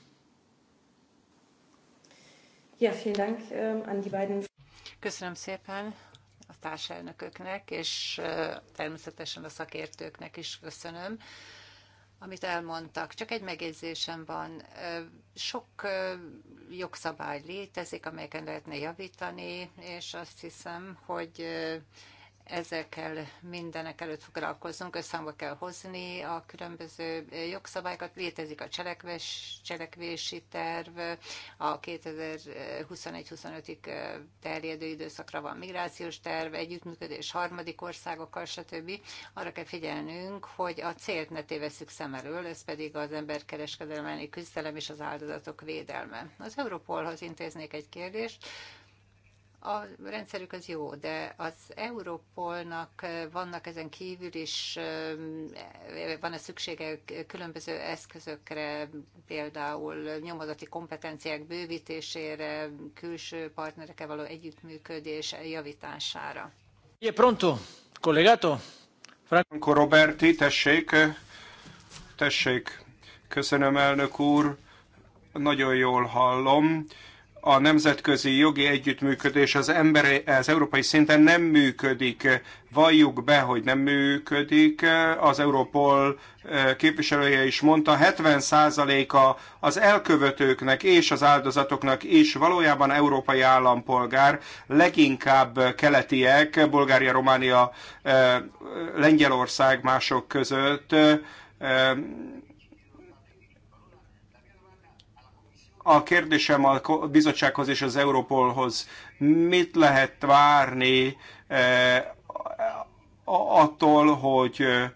Ja, vielen Dank ähm, an die beiden. Köszönöm szépen társelnököknek, és természetesen a szakértőknek is köszönöm amit elmondtak. Csak egy megjegyzésem van. Sok jogszabály létezik, amelyeken lehetne javítani, és azt hiszem, hogy ezekkel mindenek előtt foglalkozunk, összhangba kell hozni a különböző jogszabályokat. Létezik a cselekves, cselekvési terv, a 2021-25-ig terjedő időszakra van migrációs terv, együttműködés harmadik országokkal, stb. Arra kell figyelnünk, hogy a célt ne tévesszük szem elől, ez pedig az emberkereskedelmi küzdelem és az áldozatok védelme. Az Europolhoz intéznék egy kérdést, a rendszerük az jó, de az Európolnak vannak ezen kívül is, eh, van-e szüksége különböző eszközökre, például nyomozati kompetenciák bővítésére, külső partnerekkel való együttműködés javítására? E pronto, collegato. Franco Roberti, tessék, tessék, köszönöm elnök úr, nagyon jól hallom a nemzetközi jogi együttműködés az, emberi, az európai szinten nem működik. Valljuk be, hogy nem működik. Az Europol eh, képviselője is mondta, 70%-a az elkövetőknek és az áldozatoknak is valójában európai állampolgár, leginkább keletiek, Bulgária, Románia, eh, Lengyelország mások között eh, A kérdésem a bizottsághoz és az Europolhoz, mit lehet várni eh, attól, hogy eh,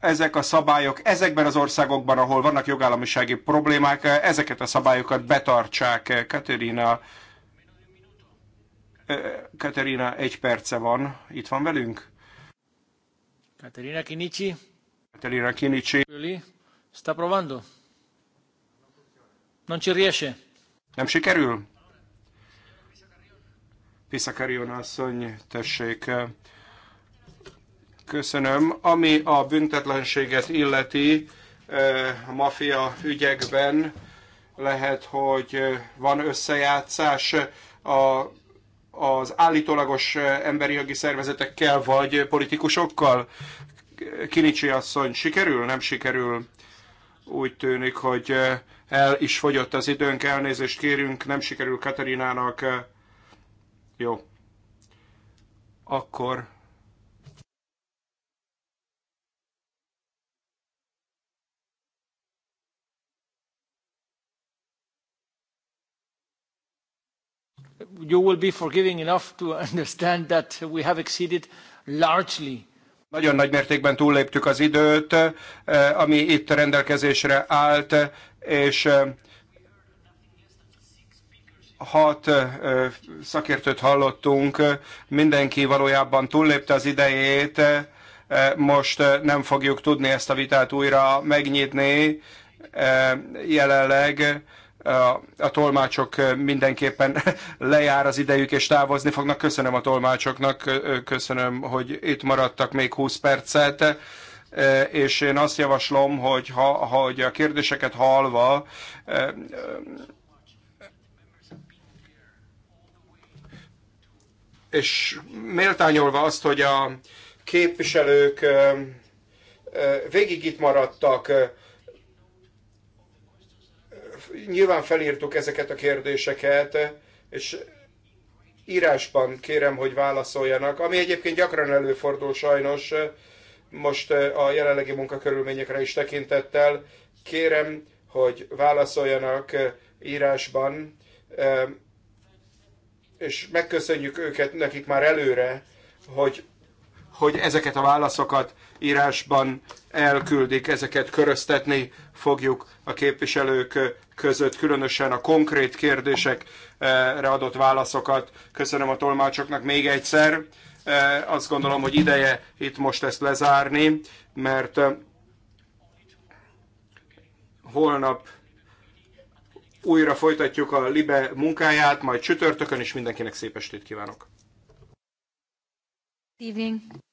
ezek a szabályok ezekben az országokban, ahol vannak jogállamisági problémák, eh, ezeket a szabályokat betartsák. Katerina, Katerina egy perce van. Itt van velünk? Katerina Kinicsi. Katerina Kinicsi. Sta provando. Non ci riesce. Nem sikerül? Visszakerüljön asszony, tessék. Köszönöm. Ami a büntetlenséget illeti, eh, a mafia ügyekben lehet, hogy eh, van összejátszás a, az állítólagos eh, emberi jogi szervezetekkel, vagy politikusokkal. Kinicsi asszony, sikerül, nem sikerül? Úgy tűnik, hogy el is fogyott az időnk, elnézést kérünk, nem sikerül Katarinának. Eh, jó. Akkor you will be forgiving enough to understand that we have exceeded largely nagyon nagy mértékben túlléptük az időt, eh, ami itt rendelkezésre állt, és eh, hat eh, szakértőt hallottunk, mindenki valójában túllépte az idejét, most nem fogjuk tudni ezt a vitát újra megnyitni jelenleg a tolmácsok mindenképpen lejár az idejük és távozni fognak. Köszönöm a tolmácsoknak, köszönöm, hogy itt maradtak még 20 percet és én azt javaslom, hogy ha, hogy a kérdéseket hallva és méltányolva azt, hogy a képviselők végig itt maradtak, nyilván felírtuk ezeket a kérdéseket, és írásban kérem, hogy válaszoljanak, ami egyébként gyakran előfordul sajnos, most a jelenlegi munkakörülményekre is tekintettel. Kérem, hogy válaszoljanak írásban, és megköszönjük őket, nekik már előre, hogy hogy ezeket a válaszokat írásban elküldik, ezeket köröztetni fogjuk a képviselők között, különösen a konkrét kérdésekre adott válaszokat. Köszönöm a tolmácsoknak még egyszer. Eh, azt gondolom, hogy ideje itt most ezt lezárni, mert eh, holnap újra folytatjuk a Libe munkáját, majd csütörtökön, és mindenkinek szép estét kívánok! Evening.